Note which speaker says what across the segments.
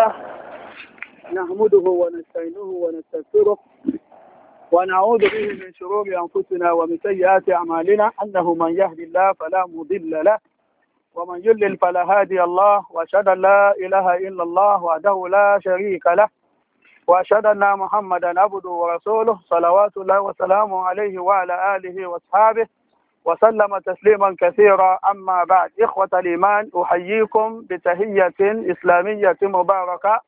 Speaker 1: نحمده ونستعينه ونستغفره ونعوذ به من شرور أنفسنا ومن سيئات أعمالنا أنه من يهد الله فلا مضل له ومن يضلل فلا هادي الله وأشهد أن لا إله إلا الله وحده لا شريك له وأشهد أن محمدا عبده ورسوله صلوات الله وسلامه عليه وعلى آله وأصحابه وسلم تسليما كثيرا أما بعد إخوة الإيمان أحييكم بتهية إسلامية مباركة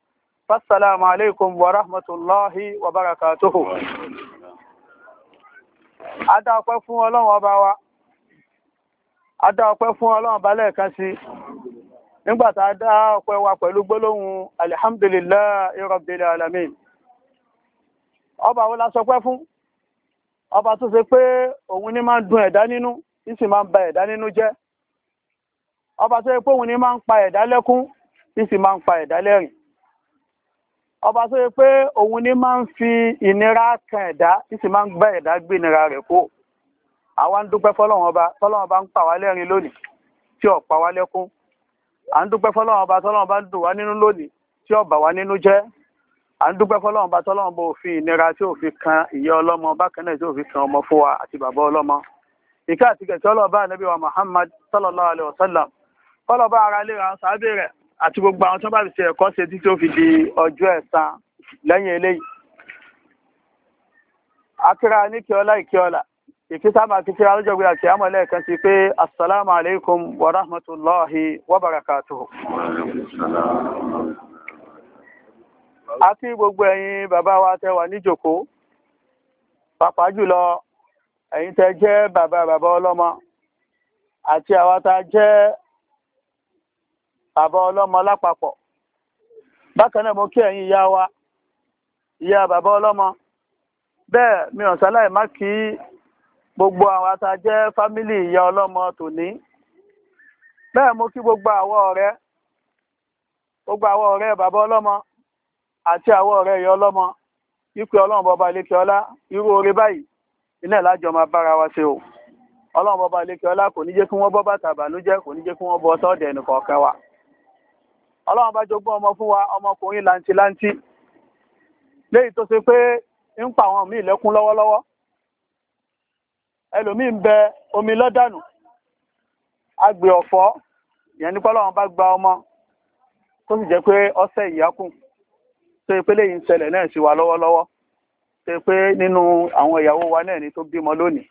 Speaker 1: فالسلام عليكم ورحمة الله وبركاته Adá ọpẹ́ fún Ọlọ́run ọba wa. Adá ọpẹ́ fún Ọlọ́run ọba lẹ́ẹ̀kan sí. Nígbàtà adá ọpẹ́ wa pẹ̀lú gbólóhùn Alhamdulillahi Rabbil Alamin. Ọba wo la sọpẹ́ fún? ọba tó ṣe pé òun ní máa ń dun ẹ̀dá nínú ní sì máa ń ba ẹ̀dá nínú jẹ́ ọba tó ṣe pé òun ní máa ń pa ẹ̀dá lẹ́kún ní sì máa ń pa ẹ̀dá lẹ́rìn ọba tó ṣe pé òun ní máa ń fi ìnira kan ẹ̀dá ní sì máa ń gbá ẹ̀dá gbé ìnira rẹ̀ kó àwa ń dúpẹ́ fọlọ́wọ́n ọba tọ́lọ́wọ́n ọba ń pa wá lẹ́rìn lónìí tí ò wá lẹ́kún à ń dúpẹ́ fọlọ́wọ́n ọba tọ́lọ́wọ́n ọba ń dùn wá nínú lónìí tí ò wá nínú jẹ́ à ń dúpẹ́ fọlọ́run bá tọ́lọ́run bó fi ìnira tí ò fi kan ìyá ọlọ́mọ bákan náà tí ò fi kan ọmọ fún wa àti bàbá ọlọ́mọ ìkẹ́ àti kẹ̀kẹ́ ọlọ́ọ̀bá ànábì wa Muhammad sallallahu alaihi wasallam fọlọ́ọ̀bá ara lè ra sàábì rẹ̀ àti gbogbo àwọn tó bá fi ṣe ẹ̀kọ́ ṣe títí ó fi di ọjọ́ ẹ̀san lẹ́yìn eléyìí akíra ní kíọ́lá ìkíọ́lá ìkíta máa kí àti gbogbo ẹ̀yin bàbá wa tẹ́ wà níjòkó pàápàá jùlọ ẹ̀yin tẹ́ jẹ́ bàbá bàbá ọlọ́mọ àti àwa tá jẹ́ bàbá ọlọ́mọ lápapọ̀ bákan náà mo kí ẹ̀yin ìyá wa ìyá bàbá ọlọ́mọ bẹ́ẹ̀ mi ò sáláì má kí gbogbo àwa tá jẹ́ fámílì ìyá ọlọ́mọ tòní bẹ́ẹ̀ mo kí gbogbo àwọn ọ̀rẹ́ gbogbo àwọn ọ̀rẹ́ bàbá ọlọ́mọ Ati àwọn ọrẹ rẹ̀ ọlọ́mọ wípé ọlọ́run bọba ilékẹ́ irú oore báyìí iná ìlàjọ máa bára wa ṣe o ọlọ́run bọba ilékẹ́ kò ní jẹ́ kí wọn bọ́ bàtà ìbànújẹ́ kò ní kí wọ́n bọ́ tọ́ọ̀dẹ̀ ẹnìkọ̀ọ̀kan wa bá ọmọkùnrin léyìí tó ṣe pé ń pa àwọn míì ẹlòmíì ń bẹ omi ìyẹn nípa gba ọmọ tó sì pé ọsẹ tó yẹ pé lẹ́yìn ìṣẹ̀lẹ̀ náà sì wà lọ́wọ́lọ́wọ́ tó yẹ pé nínú àwọn ìyàwó wa náà ni tó bímọ lónìí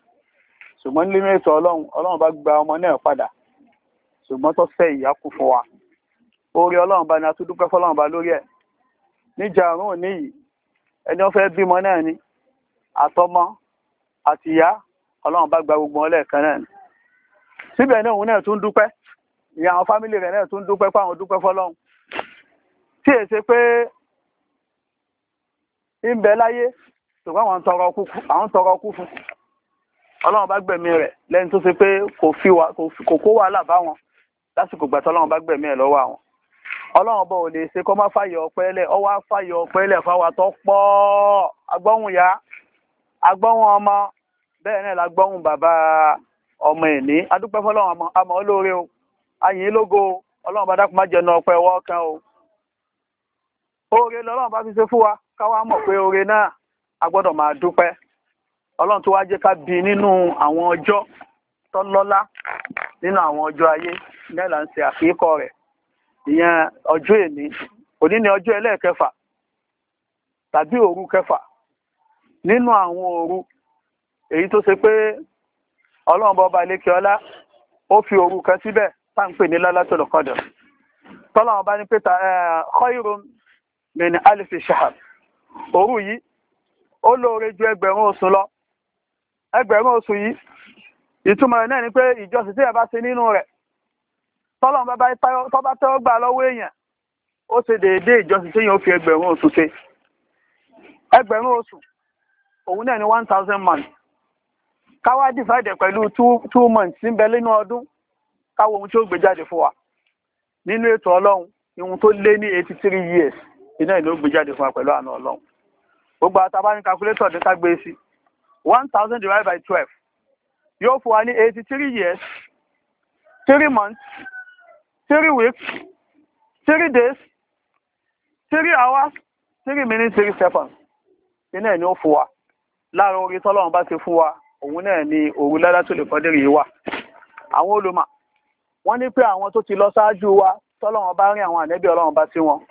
Speaker 1: ṣùgbọ́n nínú ètò ọlọ́run ọlọ́run bá gba ọmọ náà padà ṣùgbọ́n tó fẹ́ ìyá kú fún wa orí ọlọ́run bá ní a fọlọ́run bá lórí ẹ̀ níjà àrùn òní yìí ẹni wọ́n fẹ́ bímọ náà ni àtọmọ àtìyá ọlọ́run bá gba gbogbo wọn lẹ́ẹ̀kan náà ni síbẹ̀ náà òun náà tún dúpẹ́ ìyá àwọn fámìlì rẹ̀ náà tún dúpẹ́ fáwọn dúpẹ́ fọlọ́run tí èsè pé ń bẹ láyé ṣùgbọ́n àwọn tọrọ kú fún ọlọ́run bá gbẹ̀mí rẹ̀ lẹ́ni tó ṣe pé kò kó wàhálà bá wọn lásìkò gbà tọ́lọ́run bá gbẹ̀mí ẹ̀ lọ́wọ́ àwọn ọlọ́run bọ̀ ò lè ṣe kọ́ má fàyè ọ̀pẹ́lẹ̀ ọwọ́ á fàyè ọ̀pẹ́lẹ̀ fáwa tó pọ̀ agbọ́hùn ya agbọ́hùn ọmọ bẹ́ẹ̀ náà la gbọ́hùn bàbá ọmọ ẹ̀ní adúpẹ́ fọlọ́run àmọ́ olóore o ayìn lógo ọlọ́run bá dákun má jẹ́ ọpẹ́ wọ́ kan o oore lọ́lọ́run bá fi ṣe fún wa wá mọ̀ pé oore náà a gbọ́dọ̀ máa dúpẹ́ ọlọ́run tó wá jẹ́ ká bí nínú àwọn ọjọ́ tọ́lọ́lá nínú àwọn ọjọ́ ayé náà là ń ṣe àkíkọ́ rẹ̀ ìyẹn ọjọ́ èní òní ni ọjọ́ ẹlẹ́ẹ̀kẹfà tàbí òru kẹfà nínú àwọn òru èyí tó ṣe pé ọlọ́run ọba lékeọlá ó fi òru kan síbẹ̀ tá à ń pè ní lálátòlùkọ́dọ̀ tọ́lọ́run bá ní pé khairun min alifi shahab òru yìí ó lóore ju ẹgbẹ̀rún oṣù lọ ẹgbẹ̀rún oṣù yìí ìtumọ̀ rẹ̀ náà ni pé ìjọsìn tí ẹ ṣe nínú rẹ̀ tọ́lọ́n bá bá tẹ́wọ́ gbà lọ́wọ́ èèyàn ó ṣe déédéé ìjọsìn tí èèyàn fi ẹgbẹ̀rún oṣù ṣe ẹgbẹ̀rún oṣù òun náà ni one thousand man káwá divide pẹ̀lú two months ń bẹ ọdún káwọ ohun tí ó gbé jáde fún wa nínú ètò ọlọ́run ni tó eighty three years iná ìlú gbé jáde fún wa pẹ̀lú àna ọlọ́run gbogbo àtàbá ní calculator ní ká gbé sí one thousand divided by twelve yóò fún wa ní eighty three years three months three weeks three days three hours three minutes three seconds iná ẹ̀ ni ó fún wa lára orí tọ́lọ́run bá ti fún wa òun náà ni òru ládá tó lè fọ́dẹ̀rì yìí wà àwọn olùmọ̀ wọ́n ní pé àwọn tó ti lọ ṣáájú wa tọ́lọ́run bá rí àwọn ànẹ́bí ọlọ́run bá sí wọn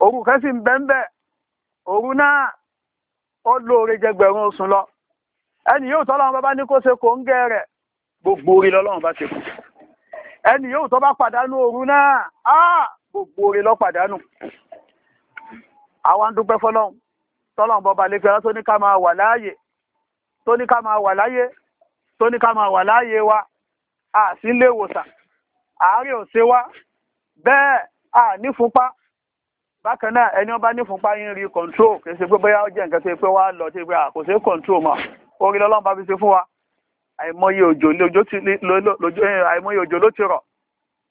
Speaker 1: òru kan sì ń bẹ́ ń bẹ́ òru náà ó lóore jẹgbẹ̀rún oṣù lọ ẹni yóò tọ́lọ́run bá bá ní kó ṣe ń gẹ́ rẹ̀ gbogbo orí lọ́lọ́run bá ṣe kù ẹni yóò tọ́ bá pàdánù òru náà á gbogbo orí lọ́ pàdánù àwa ń dúpẹ́ fọlọ́run tọ́lọ́run bọ́ balẹ̀ fẹ́ràn tó ní ká máa wa àsílẹ̀ ìwòsàn àárẹ̀ bẹ́ẹ̀ bákan náà ẹni ọba ní fúnpá yín rí control kì í ṣe pé bóyá ó jẹ́ nǹkan tó pé wá lọ tó pé kò sí control mọ́ orí lọ́lọ́run bá fi ṣe fún wa àìmọye òjò eh, àìmọye òjò ló ti rọ̀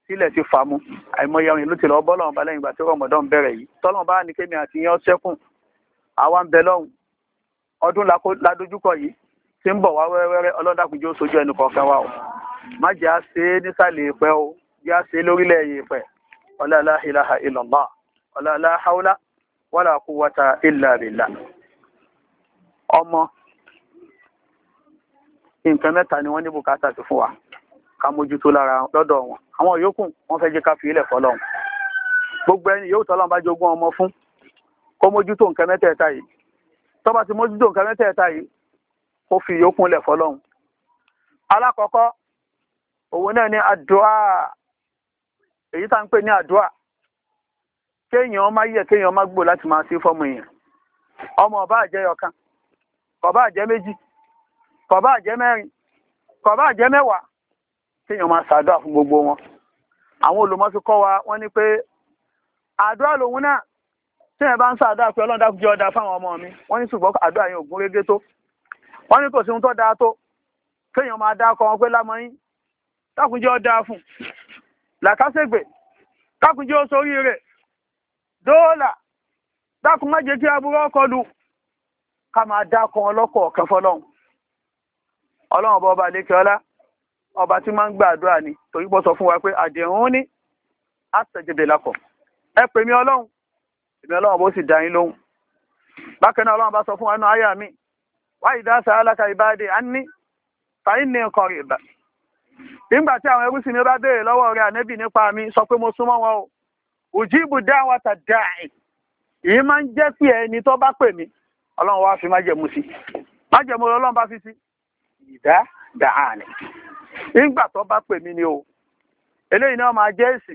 Speaker 1: sílẹ̀ ti fàmú àìmọye ọ̀rìn ló ti lọ bọ́lọ́run lẹ́yìn ìgbà tí bẹ̀rẹ̀ yìí bá ní kémi ti ń bọ̀ wá wẹ́rẹ́wẹ́rẹ́ sojú kọ̀ọ̀kan wa o o jẹ́ àṣe lórílẹ̀ la haula wala quwwata illa billah ọmọ nǹkan mẹ́ta ni wọ́n ní bùkátà sí fún wa ká mójútó lára lọ́dọ̀ wọn àwọn yòókù wọ́n fẹ́ jẹ́ ká fi ilẹ̀ fọlọ́hun gbogbo ẹni yóò tọ́lọ́n bá jogún ọmọ fún kó mójútó nǹkan mẹ́tẹ̀ẹ̀ta yìí tó bá ti mójútó nǹkan mẹ́tẹ̀ẹ̀ta yìí kó fi yòókù lẹ̀ fọlọ́hun alákọ̀ọ́kọ́ òun náà ni àdúrà èyí tá ń pè ní àdúrà kéèyàn ọmọ yẹ kéèyàn ọmọ gbò láti máa ṣe fọ́mọ èèyàn ọmọ ọba àjẹ ọ̀kan kọba àjẹ méjì kọba àjẹ mẹ́rin kọba àjẹ mẹ́wàá kéèyàn máa ṣàdúrà fún gbogbo wọn àwọn olùmọ́sí kọ́ wa wọ́n ní pé àdúrà lòun náà tí bá ń ṣàdúrà pé fáwọn ọmọ mi wọn ní ṣùgbọ́n àdúrà yẹn ògùn régé tó ní kò sí ohun tó dáa tó kéèyàn máa kọ wọn pé fún dóòlà dákun má jẹ́ kí aburú ọkọlù ká máa dákun ọlọ́kọ̀ ọ̀kan ọba ọba ọba tí máa ń gbàdúrà ni torí sọ fún wa pé àdéhùn ní àtẹ̀jẹ̀dẹ̀ lakọ̀ ẹ pè mí ọlọ́run èmi ọlọ́run bó sì lóhùn bákan náà ọlọ́run bá fún wa àyà mi wá ìdásá ìbáde á ní fàyín òjìbù dáwàtà dáì èyí máa ń jẹ́ pé ẹni tó bá pè mí ọlọ́run wá fi majemusi, sí májẹ̀mú ọlọ́run bá fi sí ìdá ni tó bá pè mí ni o eléyìí náà máa jẹ́ èsì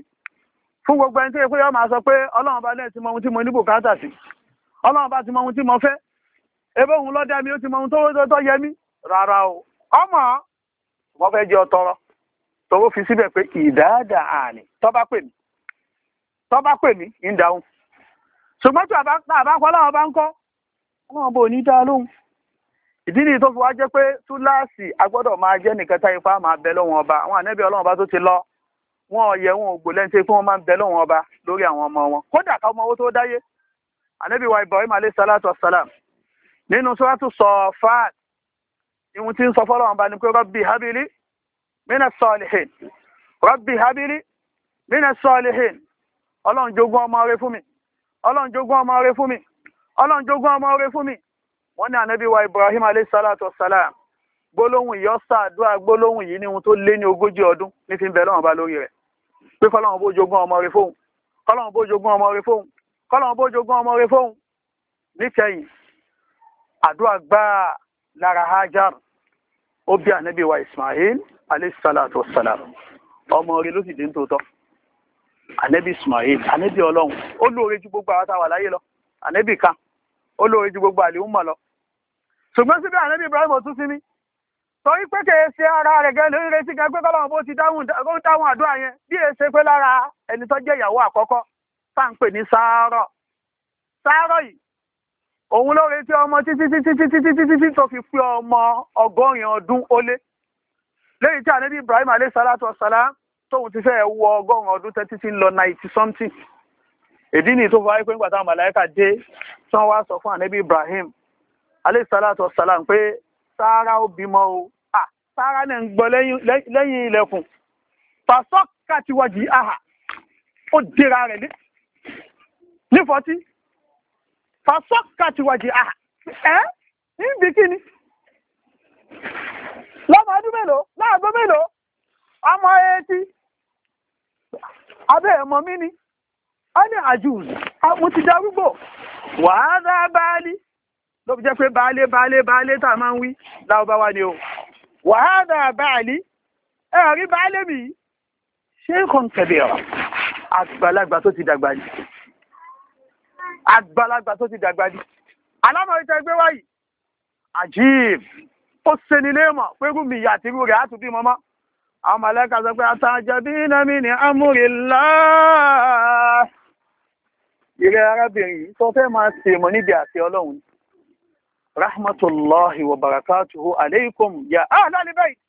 Speaker 1: fún gbogbo ẹni tó yẹ pé yọ máa sọ pé ọlọ́run bá mọ ohun tí mo ní bùkátà sí ọlọ́run bá ti ohun tí mo fẹ́ ebe òun mi ó ti mọ ohun tó tó ọtọrọ fi síbẹ̀ pé tó bá pè mí ń dáhùn ṣùgbọ́n tí àbákọ́ láwọn bá ń kọ́ ọlọ́run bò ní dá lóhùn ìdí nìyí tó fi wá jẹ́ pé túláàsì agbọ́dọ̀ máa jẹ́ nìkan táyé fáwọn máa bẹ lọ́wọ́n ọba àwọn ànẹ́bí ọlọ́run ọba tó ti lọ wọn ọ̀yẹ́ wọn ò gbòlẹ́ni tí wọ́n máa ń bẹ lọ́wọ́n ọba lórí àwọn ọmọ wọn kódà ká ọmọ owó tó dáyé ànẹ́bí wa Ibrahim alayhi salatu wassalam nínú suratu Safat ìhun tí ń sọ fọ́lọ́run ọba ni pé rabbi habili mina salihin rabbi habili mina salihin ọlọ́run jogún ọmọ rẹ fún mi ọlọ́run jogún ọmọ rẹ fún mi ọlọ́run jogún ọmọ rẹ fún mi wọ́n ní ànábì wa ibrahim salatu wasalam gbólóhùn yìí ọ̀sà àdúrà gbólóhùn yìí ní ohun tó lé ní ogójì ọdún ní fi ń bẹ lọ́wọ́n bá lórí rẹ̀ pé kọ́lọ́run bó jogún ọmọ rẹ fóun kọ́lọ́run bó jogún ọmọ rẹ fóun kọ́lọ́run bó jogún ọmọ rẹ fóun níkẹyìn àdúrà gbáà lára hajar ó bí ànábì wa ismail salatu wasalam ọmọ rẹ ló sì dé ń tòótọ́ ànẹ́bí ismail Anabi ọlọ́run ó lóore ju gbogbo àwọn táwà láyé lọ ànẹ́bí kan ó lóore ju gbogbo àlìhùn mọ̀ lọ ṣùgbọ́n síbẹ̀ ànẹ́bí ibrahim tún sí ní torí pé kèé ṣe ara rẹ̀ gẹ́ lórí retí gan pé kọ́lọ́run bó ti dáhùn àdúrà yẹn bí e ṣe pé lára ẹni tó jẹ́ ìyàwó àkọ́kọ́ tá à ń pè ní sáárọ̀ sáárọ̀ yìí òun ló retí ọmọ títí títí títí títí títí tó fi pé ọmọ ọgọ́rin ọdún ó lé lẹ́yìn tí ànẹ́bí ibrahim alayhi salatu wa salam tóun ti fẹ́ wọ ọgọ́rùn-ún ọdún tẹ́tí ti ń lọ náìtì something èdí nìyí tó fọ wáyé pé nígbà táwọn màláíkà dé tí wọ́n wá sọ fún ànábì Ibrahim alayhi salatu wassalam pé sáárà ó bímọ o sáárà náà ń gbọ́ lẹ́yìn ilẹ̀kùn fàṣọ́kà ti wọ́jì àhà ó dira rẹ̀ ní fọ́tí fàṣọ́kà ti wọ́jì àhà ẹ́ níbi kíni lọ́mọ ọdún mélòó láàgbọ́ mélòó ọmọ etí abẹ́ ẹ̀mọ́ mi ni a ní àjùz mo ti darúgbò wàá dá baálé ló fi jẹ́ pé baálé baálé baálé tá máa ń wí lárúbáwá ni o wàá dá baálé ẹ rí baálé mi ṣé kàn tẹ̀lé ọ̀ àgbàlagbà tó ti dàgbà ni àgbàlagbà tó ti dàgbà ni alámọ̀rítà ẹgbẹ́ wáyìí àjíìb ó ṣeni léèmọ̀ pé rúmi ìyá àti irú rẹ̀ á tún bímọ mọ́. àwọn mọ̀lẹ́kà sọ pé atajabina min amrillah arábìnrin tó fẹ́ máa rahmatullahi wa barakatuhu aleikum ya ahlal bayt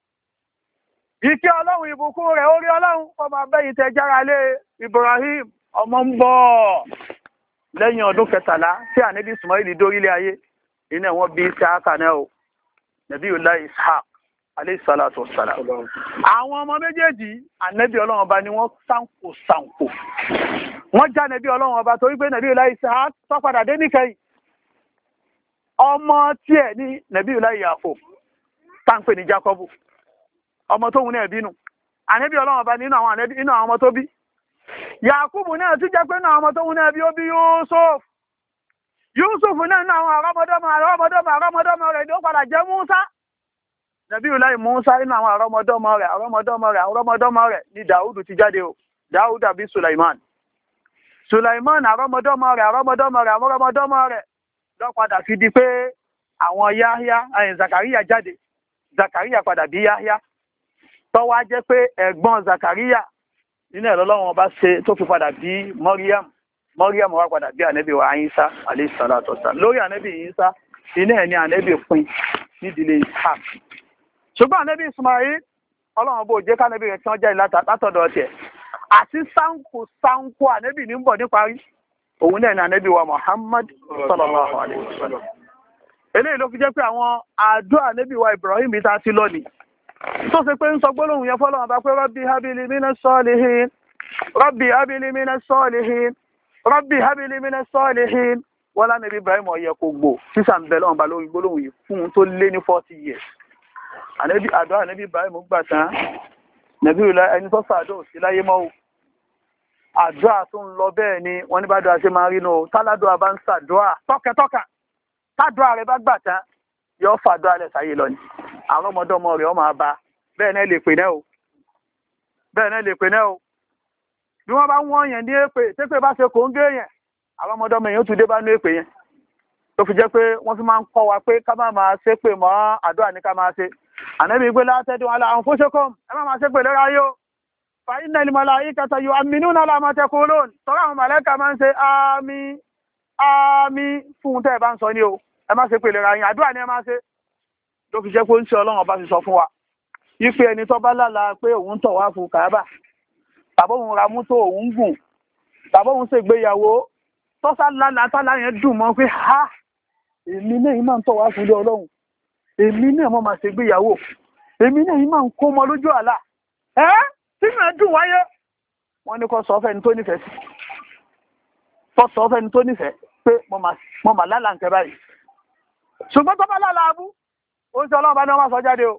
Speaker 1: ike ọlọ́run ìbùkún rẹ̀ orí ọlọ́run ọmọ abẹ́yìn tẹ jára Ibrahim ọmọ ń bọ̀ lẹ́yìn ọdún kẹtàlá tí ànábì Ismail dórílé ayé iná wọn bí sáà o aleyhisalatu wasalam àwọn ọmọ méjèèjì ànẹ́bí ọlọ́run ọba ni wọ́n sànkò sànkò wọ́n já ànẹ́bí ọlọ́run ọba torí pé nàbí ìlà ìsà sọ́padà dé níkẹyìn ọmọ tiẹ̀ ní nàbí ìlà ìyàfò táǹpé ní Jákọ́bù ọmọ tóun náà bínú ànẹ́bí ọlọ́run ọba nínú àwọn ọmọ tó bí Yakubu náà tún jẹ́ pé náà ọmọ tóun náà bí ó bí Yusuf Yusuf náà náà àwọn àrọ́mọdọ́mọ àrọ́mọdọ́mọ àrọ́mọdọ́mọ rẹ̀ ni ó padà jẹ́ Musa nàbíyù láì Mùsá nínú àwọn àrọ́mọdọ́mọ rẹ̀ àrọ́mọdọ́mọ rẹ̀ àrọ́mọdọ́mọ rẹ̀ ni dàúdù ti jáde o dàúdù àbí Sulaiman Sulaiman àrọ́mọdọ́mọ rẹ̀ àrọ́mọdọ́mọ rẹ̀ àrọ́mọdọ́mọ rẹ̀ ló padà fi di pé àwọn Yahya eh, Zakariya jáde Zakariya padà bí Yahya tó wá jẹ́ pé ẹ̀gbọ́n Zakariya nínú ẹ̀rọ lọ́wọ́n ọba ṣe tó fi padà bí Mọ́ríyàmù Mọ́ríyàmù wá padà bí ànẹ́bí wa Ayísá alayhi salatu wassalam lórí ànẹ́bí Ayísá iná ẹ̀ ní ànẹ́bí pin nídìílé Ishaq ṣùgbọ́n ànábì Ismail ọlọ́run bò jẹ́ kánábì rẹ̀ tí wọ́n jáde látọ̀dọ̀ tiẹ̀ àti sáǹkù sáǹkù ànábì ní ń bọ̀ níparí òun náà ní ànábì wa Muhammad sallallahu alaihi wasallam eléyìí ló fi jẹ́ pé àwọn àdó ànábì wa Ibrahim ta ti lọ ni tó ṣe pé ń sọ gbólóhùn yẹn fọlọ́run bá pé rabbi habili mina salihin rabbi habili mina salihin rabbi habili mina salihin wọ́n lánàá Ibrahim ọ̀yẹ́ kò gbò sísà ń bẹ lọ́run bá lórí gbólóhùn yìí fún un tó lé ní forty years ànẹ́bí àdọ́ ànẹ́bí Ibrahim gbà tán nẹ̀bí ìlà ẹni tó sàdọ̀ sí láyé mọ́ o àdúrà ń lọ bẹ́ẹ̀ ni wọ́n ní bá dọ́ àṣẹ máa rí nu táládùá bá ń sàdúrà tọ́kẹtọ́kà tádùá rẹ bá gbà tán yóò fàdúrà lẹ̀ sáyé lọ ni àwọn ọmọdọ́mọ rẹ̀ ọmọ àbá bẹ́ẹ̀ náà lè pè náà o bẹ́ẹ̀ náà lè pè náà o bí wọ́n bá ń wọ́n yẹn ní èpè tẹ́pẹ́ bá ṣe kòńgé yẹn àwọn ọmọdọ́mọ yẹn ó tún dé bá ní èpè yẹn tó fi jẹ́ pé wọ́n fi máa ń kọ́ wa pé ká má máa ṣépè mọ́ àdúrà ní máa ṣe ànábì gbé látẹ́dùn ala anfusakum ẹ má máa ṣe pẹ̀lú ráyó fa inna al-malaikata yu'minuna ala ma taqulun tọ́rọ àwọn màlẹ́kà máa ń ṣe àmì àmì fún tẹ́ ẹ bá ń sọ ní o ẹ má ṣe pẹ̀lú ráyó àdúrà ni ẹ má ṣe ló fi jẹ́ pé ń ṣe ọlọ́run ọba ti sọ fún wa ife ẹni tó bá lála pé òun tọ̀ wá fún kàábà tàbí òun ra mọ́tò òun gùn tàbí òun ṣègbéyàwó tọ́sà lálàá tálà yẹn dùn mọ́ pé ha èmi náà iná ń tọ̀ wá fún ilé ọlọ́run èmi náà mo máa ṣe gbéyàwó èmi náà yìí máa ń kó ọmọ lójú àlá ẹ sínú ẹdùn wáyé wọn ní kó sọ fẹni tó nífẹ̀ẹ́ sí tó sọ fẹni tó nífẹ̀ẹ́ pé mo mà lálà nǹkan báyìí ṣùgbọ́n tọ́ba lálà abú oúnjẹ ọlọ́ọ̀bá ni wọ́n máa sọ jáde o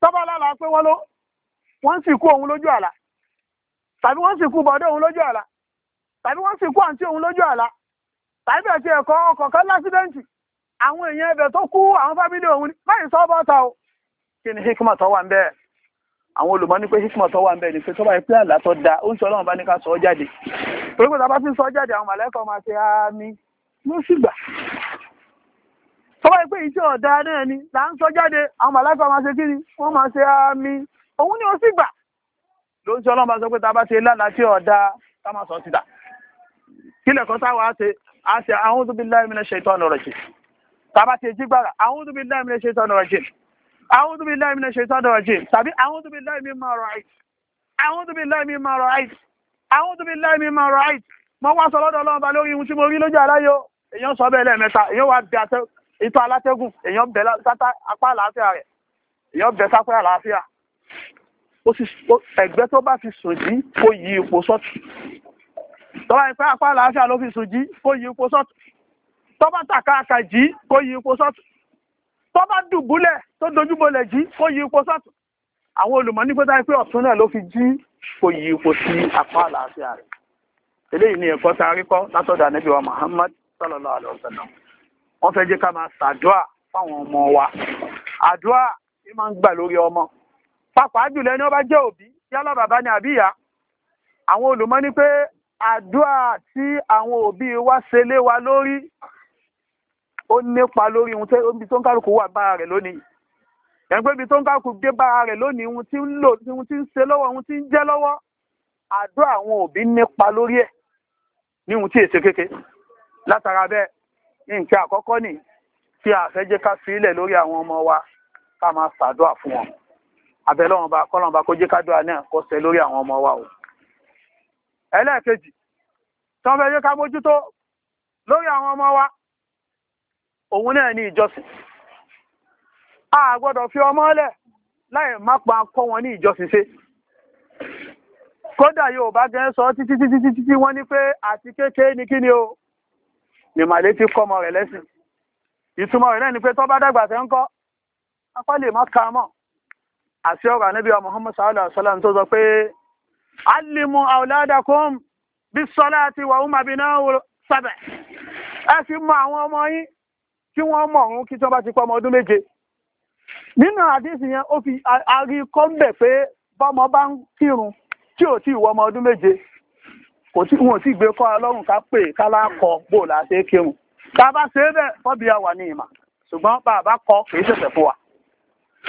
Speaker 1: tọ́ba lálà pé wọ́n ló wọ́n sì kú òun lójú àlá tàbí wọ́n sì kú bọ̀dọ̀ òun lójú àlá tàbí wọ́n sì kú àǹtí òun lójú àlá tàbí ẹ̀sìn ẹ̀kọ́ ọkọ̀ kan lásídẹ́ǹtì àwọn èèyàn ẹbẹ̀ tó kú àwọn fámílì òun ní láì sọ bọ́ ta o kí ni hikma tó wà ń bẹ́ẹ̀ àwọn olùmọ̀ ní pé hikma tó wà ń bẹ́ẹ̀ ni pé tó bá ìpín àlá tó da ó ń sọ ọlọ́run bá ní ká sọ ọ́ jáde torí pé tàbá ti sọ ọ́ jáde àwọn màlẹ́kọ̀ máa ṣe àmì ló sì gbà tó bá ìpín ìjọ ọ̀dà náà ni là ń sọ jáde àwọn màlẹ́kọ̀ máa ṣe kí ni wọ́n máa ṣe àmì òun ni ó sì gbà ló ń sọ ọlọ́run bá sọ pé tàbá ṣe lálàá tí ọ̀dà ká má sọ síta kílẹ̀kọ́ táwa á ṣe àwọn tó bí láì mí tàbá ti jí gbára àwọn tó bí láì mílẹ̀ ṣe tọ́nà ọ̀jìn àwọn tó bí láì mílẹ̀ ṣe tọ́nà ọ̀jìn tàbí àwọn tó bí láì mí máa rọ̀ àìsí àwọn tó bí láì mí máa rọ̀ àìsí àwọn tó bí láì mí máa rọ̀ àìsí mo wá sọ lọ́dọ̀ ọlọ́run ba lórí ihun tí mo rí lójú aláyọ̀ èèyàn sọ bẹ́ẹ̀ lẹ́ẹ̀mẹ́ta èèyàn wá bẹ ìtọ́ alátẹ́gùn èèyàn bẹ sátá apá àlàáfíà rẹ̀ èèyàn bẹ sápẹ́ àlàáfíà ẹgbẹ́ tó bá fi sùn jí kó yí ipò sọ́tù tọ́wọ́ ìpẹ́ apá àlàáfíà ló fi sùn jí kó yí ipò sọ́tù tó bá tàkàkà jí kó yí ipò sọ́tún tó bá dùbúlẹ̀ tó dojúbolẹ̀ jí kó yí ipò sọ́tún àwọn olùmọ̀ ní pẹ́tà pé ọ̀tún náà ló fi jí kó yí ipò sí apá àlàáfíà rẹ̀ eléyìí ni ẹ̀kọ́ tá rí kọ́ látọ̀dọ̀ ànábì wa Muhammad sallallahu alaihi wasallam wọ́n fẹ́ jẹ́ ká máa ṣàdúà fáwọn ọmọ wa àdúà ni máa ń gbà lórí ọmọ pàápàá jùlọ ẹni ó bá jẹ́ òbí yálà bàbá ni àbí ìyá àwọn olùmọ̀ ní pé àdúà tí àwọn òbí wa ṣe lé wa lórí ó nípa lórí ohun tó ń kálukú wà bára rẹ̀ lónìí ẹgbẹ́ ibi tó ń kálukú dé bára rẹ̀ lónìí ohun tí ń lò ohun tí ń ṣe lọ́wọ́ ohun tí ń jẹ́ lọ́wọ́ àdó àwọn òbí nípa lórí ẹ̀ ní ohun tí èsè kéke látara bẹ́ẹ̀ nǹkan àkọ́kọ́ nì tí a fẹ́ jẹ́ ká sílẹ̀ lórí àwọn ọmọ wa ká máa ṣàdúrà fún wọn àbẹ̀lọ́wọ̀n bá kọ́lọ́wọ̀n bá kó jẹ́ kádùá náà kó ṣẹ lórí àwọn ọmọ wa o ẹlẹ́ẹ̀kejì tí wọ́n fẹ́ jẹ́ ká mójútó lórí àwọn ọmọ wa òun náà ní ìjọsìn a gbọ́dọ̀ fi ọmọ lẹ̀ láì má pa kọ́ wọn ní ìjọsìn ṣe kódà yóò bá gẹ́ sọ títí títí títí wọ́n ní pé àti kékeré ni kí ni o nìmàlé ti kọ́ ọmọ rẹ̀ lẹ́sìn ìtumọ̀ rẹ̀ náà ni pé tó bá dàgbà tẹ́ ń kọ́ apá lè má ka mọ́ àti ọ̀rọ̀ ànábì wa Muhammad sallallahu alaihi wasallam tó sọ pé alimu auladakum bis salati wa huma binawul sab'a ẹ fi mọ àwọn ọmọ yín kí wọ́n mọ̀ ọ̀run kí tí wọ́n bá ti pọ́ ọmọ ọdún méje nínú àdísì yẹn ó fi arí kọ́ ń bẹ̀ pé bọ́mọ bá ń kírun tí ò tí ìwọ ọmọ ọdún méje kò tí wọn ò sì gbé kọ́ ọlọ́run ká pè ká lákọ bó la ṣe é kírun tá a bá ṣe é bẹ́ẹ̀ fọ́bi àwà ní ìmà ṣùgbọ́n bàbá kọ kìí ṣẹ̀ṣẹ̀ fún wa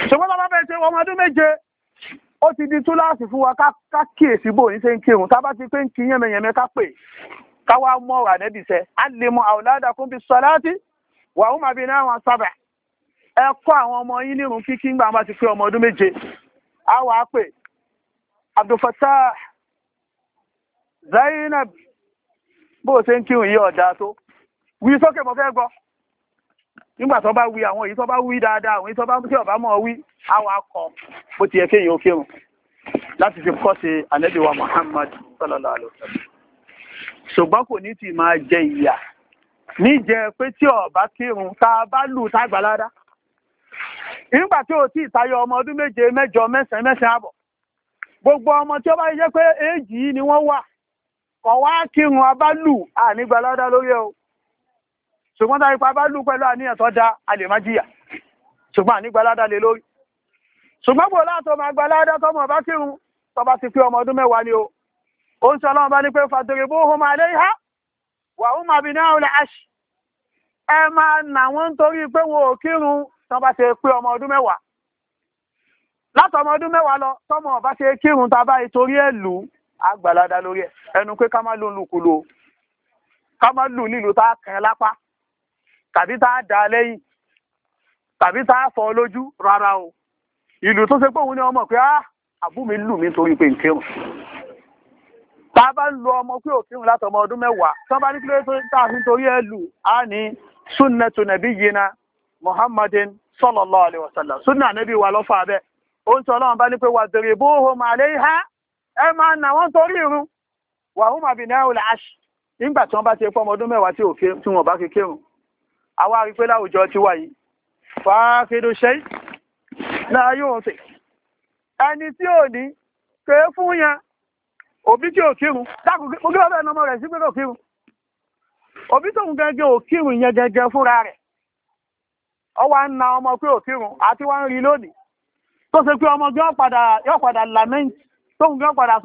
Speaker 1: ṣùgbọ́n bàbá bẹ́ẹ̀ ṣe ọmọ ọdún méje ó ti di túláàsì fún wa ká kíyèsí bó ní ṣe ń kírun tá a bá ti pé ń kí yẹmẹyẹmẹ ká pè ká wá mọ́ ọ̀rọ̀ ànẹ́bìṣẹ́ á lè mọ àwòládà kún bí sọláàtì wà ó màbí náà wọn sábà ẹ kọ́ àwọn ọmọ yín nírun kíkí ńgbà wọn bá ti pé ọmọ ọdún méje á pè Abdulfatah Zainab bó o ṣe ń kírun yí ọ̀dà tó wí sókè mo fẹ́ gbọ́ nígbà tó bá wí àwọn èyí tó bá wí dáadáa àwọn èyí tó bá tí ọba mọ̀ wí àwọn akọ bó ti yẹ kéèyàn ó kírun láti fi kọ́ sí ànábì Muhammad sallallahu alaihi wasallam ṣùgbọ́n kò ní ti máa jẹ ìyà níjẹ pé tí ọba kírun tá bá lù tá gbàládá nígbà tí ò tí ìtayọ ọmọ ọdún méje mẹ́jọ mẹ́sàn mẹ́sàn àbọ̀ gbogbo ọmọ tí ó bá jẹ́ pé èjì yìí ni wọ́n wà kọ wá kírun abá ànígbàládá lórí ẹ o ṣùgbọ́n tá ipa bá lù pẹ̀lú àníyàn tó da a lè má jìyà ṣùgbọ́n ànígbàládá lè lórí ṣùgbọ́n bò látọ̀ máa gbàládá tọmọ ọba kírun tọba ti pé ọmọ ọdún mẹ́wàá ni o ó ń sọ ọlọ́run bá ní pé fàtòrè bó máa lé ha wàhùnmá bi náà lè aṣ ẹ máa nà wọ́n pé wọn ò kírun tán bá ṣe pé ọmọ ọdún mẹ́wàá látọ̀ ọmọ ọdún mẹ́wàá lọ ọba ṣe kírun tá a bá torí ẹ lù lórí ẹnu pé ká má lù lùkulù ká má lù tá a kàn lápá o ìlú tó ṣe pé ni ọmọ pé àbú mi lù torí pé tá a bá ń lo ọmọ pé òkírun láti ọmọ ọdún mẹ́wàá tán bá ní kí ló tá a fi torí ẹ lù á ní sunnatu nabiyyina muhammadin sallallahu alaihi wasallam sunna nabi wa lọ́fà bẹ́ẹ̀ ó ń sọ ọlọ́run bá ní pé wadribuhum alaiha ẹ máa nà wọ́n torí irun wàhùn àbínáwòlá ash nígbà tí wọ́n bá ti pọ́mọ ọdún mẹ́wàá tí wọ́n bá kékerùn àwa rí pé láwùjọ ti wà yìí fàákédo ṣe náà yóò fẹ́ ẹni tí ò ní kéé fún yẹn òbí tí ò kírun dákun kí ló bẹ́ẹ̀ nọmọ rẹ̀ sí pé kò kírun òbí gẹ́gẹ́ ò kírun gẹ́gẹ́ fúnra rẹ̀ ọ wá ń na ọmọ pé àti wá ń rí lónìí tó ṣe pé ọmọ gan padà padà gan padà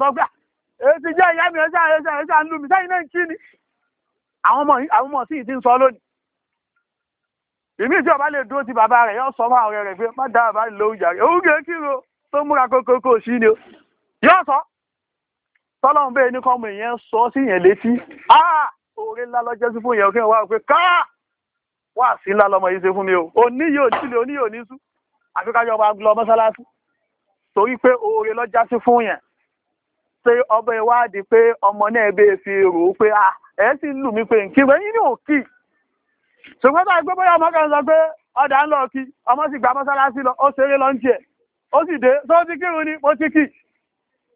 Speaker 1: èyí ti jẹ́ ìyá mi ẹ̀ṣà ẹ̀ṣà ẹ̀ṣà ń lù mí sẹ́yìn náà ń kí ni àwọn ọmọ sì ti ń sọ lónìí ìmí tí ọba lè dúró ti bàbá rẹ̀ sọ fún àwọn ọ̀rẹ́ rẹ̀ pé má dá bàbá lóhùn jàre òun kì í kírun tó múra tọ́lọ́run bẹ́ẹ̀ ní kọ́mọ èèyàn sọ sí yẹn létí oore ńlá lọ́jọ́ sí fún yẹn òkè wá pé ká wà sí ńlá lọmọ yìí ṣe fún mi o òní yóò nílé òní yóò ní sú àfi kájọ ọba lọ mọ́sálásí torí pé oore lọ́jà sí fún yẹn ṣe ọba ìwádìí pé ọmọ náà bẹ́ẹ̀ fi rò ó pé ẹ sì ń lù mí pé nkí pé yín ní òkì ṣùgbọ́n tá a gbé bóyá ọmọ kan sọ pé ọ̀dà ń lọ kí ọmọ sì gba mọ́sálásí lọ ó ṣeré lọ́ńtì ẹ̀ ó sì dé tó ti kírun ni mo ti kì í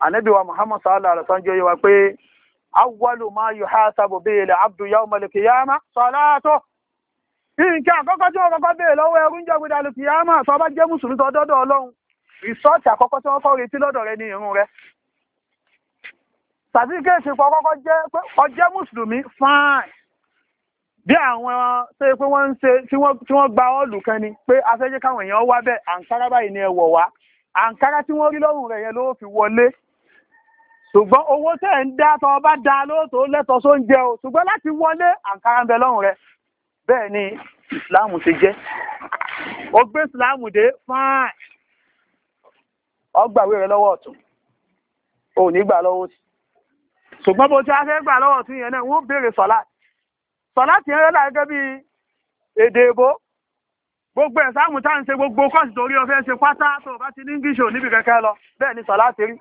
Speaker 1: ànábì wa muhammad sallallahu alaihi wasallam jẹ́ wa pé awwalu ma yuhasabu bihi al-abdu yawm al-qiyamah salatuh nǹkan àkọ́kọ́ koko wọ́n kọ́kọ́ béèrè lọ́wọ́ ẹrú ń jọ́gbé dalu kìyàmá sọ bá jẹ́ mùsùlùmí tó dọ́dọ̀ ọlọ́run rìsọ́ọ̀tì àkọ́kọ́ tí wọ́n kọ́ retí lọ́dọ̀ rẹ ní irun rẹ sàtífíkẹ́ẹ̀tì pọ̀ kọ́kọ́ jẹ́ pé ọjẹ́ mùsùlùmí fine bí àwọn tó yẹ pé wọ́n ń ṣe tí wọ́n gba ọ́ọ̀lù kan ni pé afẹ́jẹ́ káwọn èèyàn wá bẹ́ẹ̀ àǹkárá báyìí ni ẹ wọ̀ wá àǹkárá tí wọ́n rí lọ́rùn rẹ̀ yẹn fi wọlé ṣùgbọ́n owó tẹ̀ ń dá tọ́ bá dá lóòótọ́ lẹ́tọ̀ só ń jẹ o ṣùgbọ́n láti wọlé àǹkárá ń bẹ lọ́rùn rẹ bẹ́ẹ̀ ni ìsìláàmù ṣe jẹ́ ó gbé ìsìláàmù dé fáàn ọgbàwé rẹ lọ́wọ́ ọ̀tún ò ní gbà lọ́wọ́ sí ṣùgbọ́n bó ti á fẹ́ gbà lọ́wọ́ ọ̀tún yẹn náà wọ́n béèrè sọ̀lá sọ̀lá ti ń rẹ́lá gẹ́gẹ́ bí èdè èbó gbogbo ẹ̀sáàmù tá à ń ṣe gbogbo kọ́ọ̀sì torí ọ̀fẹ́ ṣe pátá tó o bá ti ní english ò níbi kẹ́kẹ́ lọ bẹ́ẹ̀ ni sọ̀lá ti rí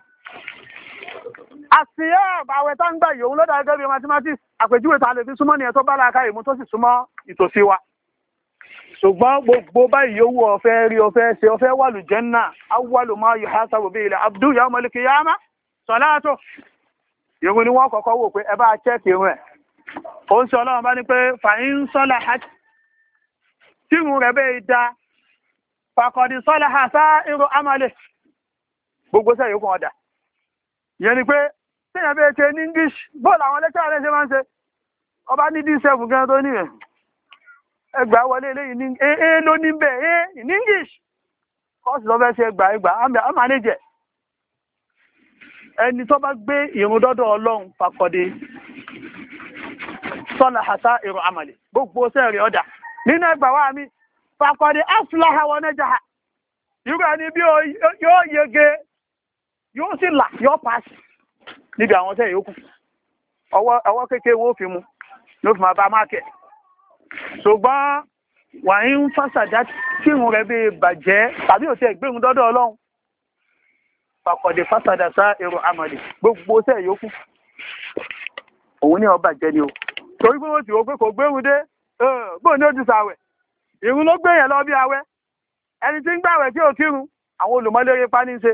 Speaker 1: àṣìyẹ́ àwẹ̀ tá ń gbà yìí òun ló dáa gẹ́gẹ́ bí mathematics àpèjúwe ta lè fi súnmọ́ nìyẹn tó bá láàká ìmú tó sì súnmọ́ ìtòsí wa ṣùgbọ́n gbogbo báyìí owó ọ̀fẹ́ rí ọ̀fẹ́ ṣe ọ̀fẹ́ wà lù jẹ́nà ni wọ́n kọ́kọ́ wò pé ẹ bá chẹ́ẹ̀kì irun ó ń sọ ọlọ́run bá ní pé fàyín da fàkọ̀dì ha sá gbogbo sẹ́yìn ọ̀dà kéèyàn bẹ́ẹ̀ ṣe ní english bóòlù àwọn lẹ́tọ́ rẹ̀ ṣe máa ń ṣe ọba ní d7 gan tó ní rẹ̀ ẹgbàá wọlé eléyìí ní ee ló ní bẹ́ẹ̀ ee in english kọ́ọ̀sì lọ́fẹ́ ṣe ẹgbàá ẹgbàá àmà ẹni tó bá gbé ìrun ọlọ́run pàkọ́dé sọ́nà àṣà ìrun àmàlẹ̀ gbogbo sẹ́ẹ̀rì ọ̀dà nínú ẹgbàá wa mi pàkọ́dé wọn bí yóò yege yóò sì là yóò pàṣẹ níbi àwọn tẹ́ yòókù ọwọ́ kékeré wo fi mu ló fi máa bá máàkẹ̀ ṣùgbọ́n wàyí ń fásàdá tí ìrùn rẹ̀ bíi bàjẹ́ tàbí òtí ẹ̀gbẹ́rún dọ́dọ̀ ọlọ́run pàkọ̀dé fásàdá sá èrò àmọ̀lè gbogbo tẹ́ yòókù òun ní ọba jẹ ni o torí pé wọ́n ti wọ́n pé kò gbẹ́rún dé bóun ní ó ti sàwẹ̀ ló gbé yẹn lọ bí awẹ́ ẹni tí ń gbàwẹ̀ tí ò kírun àwọn olùmọ́lẹ́rẹ́ pa ní í ṣe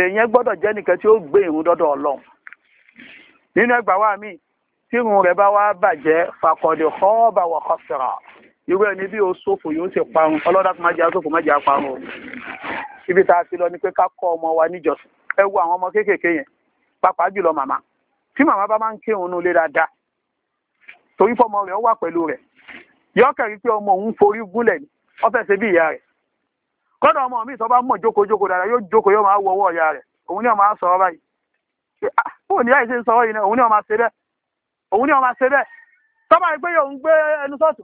Speaker 1: èèyàn gbọ́dọ̀ jẹ́ nìkan tí ó gbé ìrun dọ́dọ̀ ọlọ́run nínú ẹgbàá wa mi tí ìrun rẹ̀ bá wá bàjẹ́ fàkọ̀dé kọ́ọ̀bà wà kọ́sìrà irú ẹni bí o ṣòfò yóò ṣe parun ọlọ́dà tó má jẹ́ ṣòfò má jẹ́ parun o ibi tá a ti lọ ni pé ká kọ́ ọmọ wa níjọsìn ẹ wo àwọn ọmọ kéékèèké yẹn pàápàá jùlọ màmá tí màmá bá máa ń kírun nú ilé dáadáa torí fọmọ rẹ̀ ó wà pẹ̀lú rẹ̀ yọkẹ̀rí pé ọmọ òun forí gúnlẹ̀ ni fẹ́ ṣe bí ìyá rẹ̀ kọ́dọ̀ ọmọ mi sọ bá mọ̀ jókòó jókòó dáadáa yóò jókòó yóò máa wọ ọwọ́ ọ̀yà rẹ̀ òun ni ó máa sọ ọ́ báyìí ó ní àìsí sọ ọ́ yìí náà òun ni ó máa ṣe bẹ́ẹ̀ òun ni ó máa ṣe bẹ́ẹ̀ tọ́ba ìgbé yóò ń gbé ẹnu sọ́ọ̀tù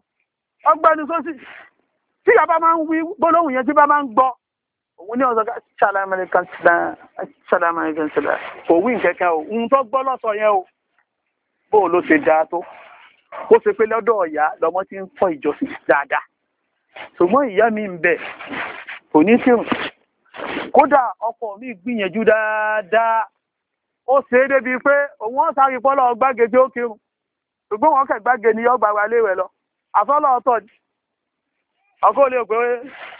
Speaker 1: ọgbẹ́ ẹnu sósì tí ìyá bá máa ń wí gbólóhùn yẹn tí bá máa ń gbọ́ òun ni ọ̀sọ̀ ṣàlàmẹ́ríkà ṣàlàmẹ́ríkà kò wí kò ní sí kódà ọkọ mi gbìyànjú dáadáa ó ṣe é débi pé òun ọ̀sán àyípọ́lọ̀ gbáge tí ó kírun ṣùgbọ́n wọn kẹ̀ gbáge ni yọ́gbà wa léwẹ̀ lọ àfọ́lọ́ ọ̀tọ̀ ni ọkọ olè pé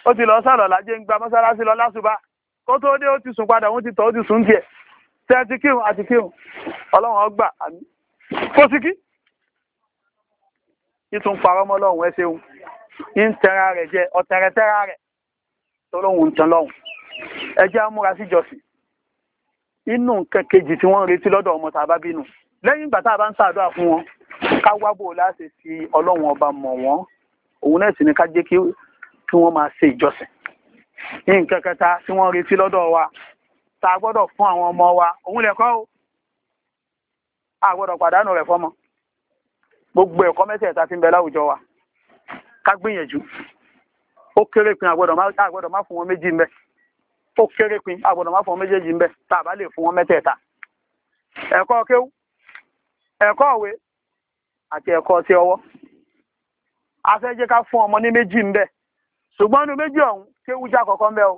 Speaker 1: ó ti lọ sọ̀rọ̀ lájẹ́ ń gba mọ́sálásí lọ lásùbà kó tó dé ó ti sùn padà òun ti tọ̀ ó ti sùn tiẹ̀ tẹ́ ti kírun àti kírun ọlọ́run ọgbà àmì fọ́síkí ìtún parọ́mọ́ lọ́hùn ẹ tọ́lọ́hun ń tan lọ́hùn ẹ jẹ́ á múra síjọsìn inú nǹkan kejì tí wọ́n ń retí lọ́dọ̀ ọmọ tàbá bínú lẹ́yìn ìgbà tá a bá ń ṣàdúrà fún wọn ká wá bò láti fi ọlọ́run ọba mọ̀ wọ́n òun náà sì ni ká jẹ́ kí wọ́n máa ṣe ìjọsìn nǹkan kẹta tí wọ́n ń retí lọ́dọ̀ wa tá a gbọ́dọ̀ fún àwọn ọmọ wa òun lẹ̀kọ́ o a gbọ́dọ̀ pàdánù rẹ̀ fọ́mọ gbogbo ẹ̀kọ́ mẹ́tẹ̀ẹ̀ta tí ń bẹ láwùjọ wa ká gbìyànjú ó kéré pin àgbọ̀dọ̀ má fún wọn méjì ńbẹ ó kéré pin àgbọ̀dọ̀ má fún wọn méjèèjì ńbẹ tá a bá lè fún wọn mẹ́tẹ̀ẹ̀ta ẹ̀kọ́ kéwú ẹ̀kọ́ òwe àti ẹ̀kọ́ ti ọwọ́ a fẹ́ jẹ́ ká fún ọmọ ní méjì ńbẹ ṣùgbọ́n inú méjì ọ̀hún kéwú já kọ̀ọ̀kan ńbẹ o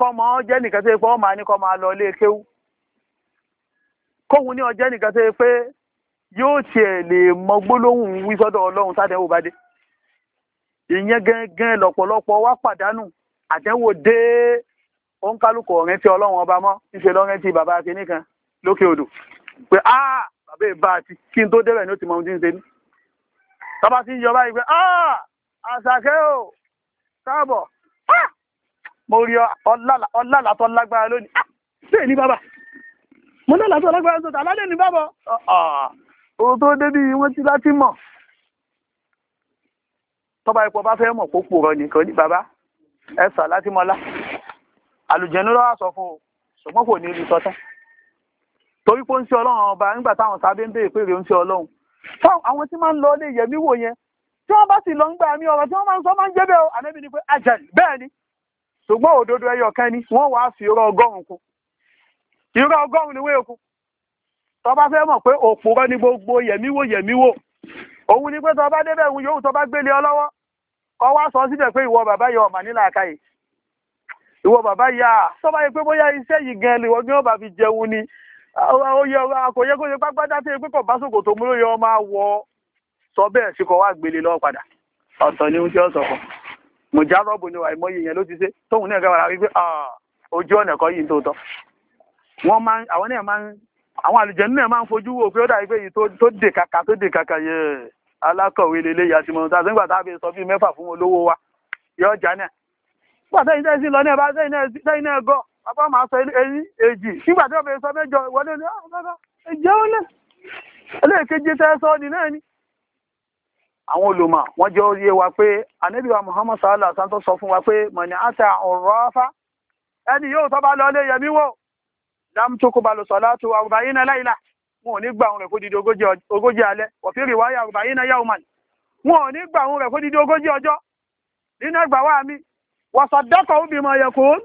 Speaker 1: kọmọ jẹ́ nìkan tó yẹ pé ọmọ àní kọmọ lọ ilé kéwú kóhun ní ọjẹ́ nìkan tó yẹ pé yóò tiẹ̀ lè mọ gbólóhùn wí sọ́dọ̀ ọlọ́run sádẹ́wò bá dé ìyẹn gẹ́gẹ́ lọ́pọ̀lọpọ̀ wá pàdánù àtẹ̀wò dé òǹkálùkọ̀ ọ̀rẹ́ tí ọlọ́run ọba mọ́ níṣẹ́ lọ́rẹ́ tí bàbá akíní kan lókè odò pé áà bàbá ìbá àti kí n tó débẹ̀ ní ó ti mọ ohun tí ń ṣe ní. tọ́ba ti ń yọ báyìí pé áà àṣàkẹ́ ò káàbọ̀ mo rí ọlálà tó lágbára lónìí ṣé ní bàbá mo lálà tó lágbára tó tà lálẹ́ ní bàbá. ohun tó dé wọ́n ti láti mọ̀ tọ́ba ipò bá fẹ́ mọ̀ kó pòrọ̀ nìkan ní bàbá ẹ sà láti mọ́lá àlùjẹ̀nu lọ́wọ́ sọ fún o ṣùgbọ́n kò ní rí sọ́tán torí pé ó ń ṣe ọlọ́run ọba nígbà táwọn sábẹ́ ń béèrè pé rèé ń ṣe ọlọ́run fáwọn àwọn tí máa ń lọ lè yẹ̀mí wò yẹn tí wọ́n bá sì lọ ń gbà mí ọ̀rọ̀ tí wọ́n máa ń sọ máa ń jẹ́ bẹ́ẹ̀ o ànábì ni pé ajal bẹ́ẹ̀ ni ṣùgbọ́n òdodo ẹyọ kan ni wọ́n wàá fi irọ́ ọgọ́rùn-ún kù irọ́ ọgọ́rùn-ún ni wéèkù tọ́ba fẹ́ mọ̀ pé òpùrọ́ ni gbogbo yẹ̀mí wò yẹ̀mí wò òun ni pé tó bá débẹ̀ òun yòówù tó bá gbélé ọ lọ́wọ́ kọ́ wá sọ síbẹ̀ pé ìwọ bàbá yọ ọmọ nílà káyè ìwọ bàbá yà á tó bá yẹ pé bóyá iṣẹ́ yìí gan lè wọ́n ní ọba fi jẹun ni ó yẹ kò yẹ kó yẹ pápádá tó yẹ pé kò bá ṣòkòtò mú ló yẹ ọ máa wọ sọ bẹ́ẹ̀ sí kọ wá gbélé lọ́wọ́ padà ọ̀tọ̀ ni ohun tí ó sọ fún mo já rọ́ọ̀bù ni wàá mọ́yì yẹn ló ti ṣe tóun náà gbàgbà wípé ojú ọ̀nà ẹ̀kọ́ yìí ń tóótọ́ wọ́n máa àwọn náà máa àwọn àlùjẹ́ náà máa ń fojú wò pé ó dàbí pé èyí tó dè kàkà tó dè kàkà yẹn alákọ̀wé lélẹ́ yà sí mọ̀tà sígbà tá a fi sọ bí mẹ́fà fún olówó wa yọ jà náà nígbà sẹ́yìn náà sí lọ náà bá sẹ́yìn náà gọ́ bàbá máa sọ eyín èjì nígbà tí wọ́n fi sọ mẹ́jọ ìwọlé ni ah, ẹ̀jẹ̀ ó náà ẹlẹ́ẹ̀kejì tẹ́ sọ ọ́ náà ni. àwọn olùmọ̀ wọ́n jẹ́ oyè wa pé ànábì Muhammad sallallahu alaihi sọ fún wa pé mọ̀nì àtà ọ̀rọ̀ afá ẹni yóò tọ́ bá lọ ilé yẹmí wò dáàmú tó àgbáyé náà láìláà wọn ò ní gbà òun rẹ̀ fódidi ogójì alẹ́ òfin rìwáyà àrùbá yìí náà yà òmàn wọn ò ní gbà òun rẹ̀ fódidi ogójì ọjọ́ nínú ẹgbà wá mi wọ̀sọ̀ dọ́kọ̀ ó bímọ yẹkùn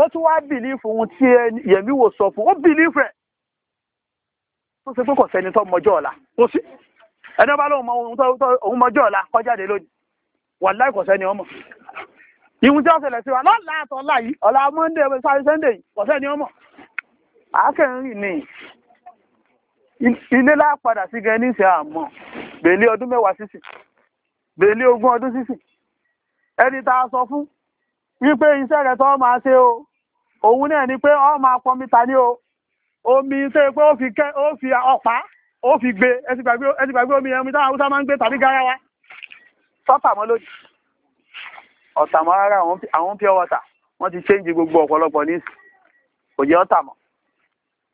Speaker 1: ó tún wá bìlífù ohun tí yẹ̀mí wò sọ fún ó bìlífù ẹ̀ tó ṣe pé kò sẹ́ni tó mọjọ́ ọ̀la kò sí ẹni bá lóun mọ ohun mọjọ́ ọ̀la kọjáde lónìí wàláì kò sẹ́ni ọmọ ìhun tí wọ́n ṣẹlẹ̀ sí wa lọ́la àtọ́lá yìí ọ̀la monday sunday kò sẹ́ni ọmọ àákẹ́rin ni ilé lápadà sí gẹ níṣẹ́ àmọ́ bèlé ọdún mẹ́wàá sísìn bèlé ogún ọdún sísìn ẹni tá a sọ fún wípé iṣẹ́ rẹ̀ tó máa ṣe o òun náà ni pé ọ máa pọnmi ta ní o omi tó yẹ pé ó fi ọ̀pá ó fi gbé ẹsì gbàgbé omi ẹmu táwọn haúsá máa ń gbé tàbí garawa sọ́tàmọ́ lónìí ọ̀tàmọ́ rárá àwọn pure water wọ́n ti ṣéǹjì gbogbo ọ̀pọ̀lọpọ̀ ní òjẹ́ ọ̀tàmọ́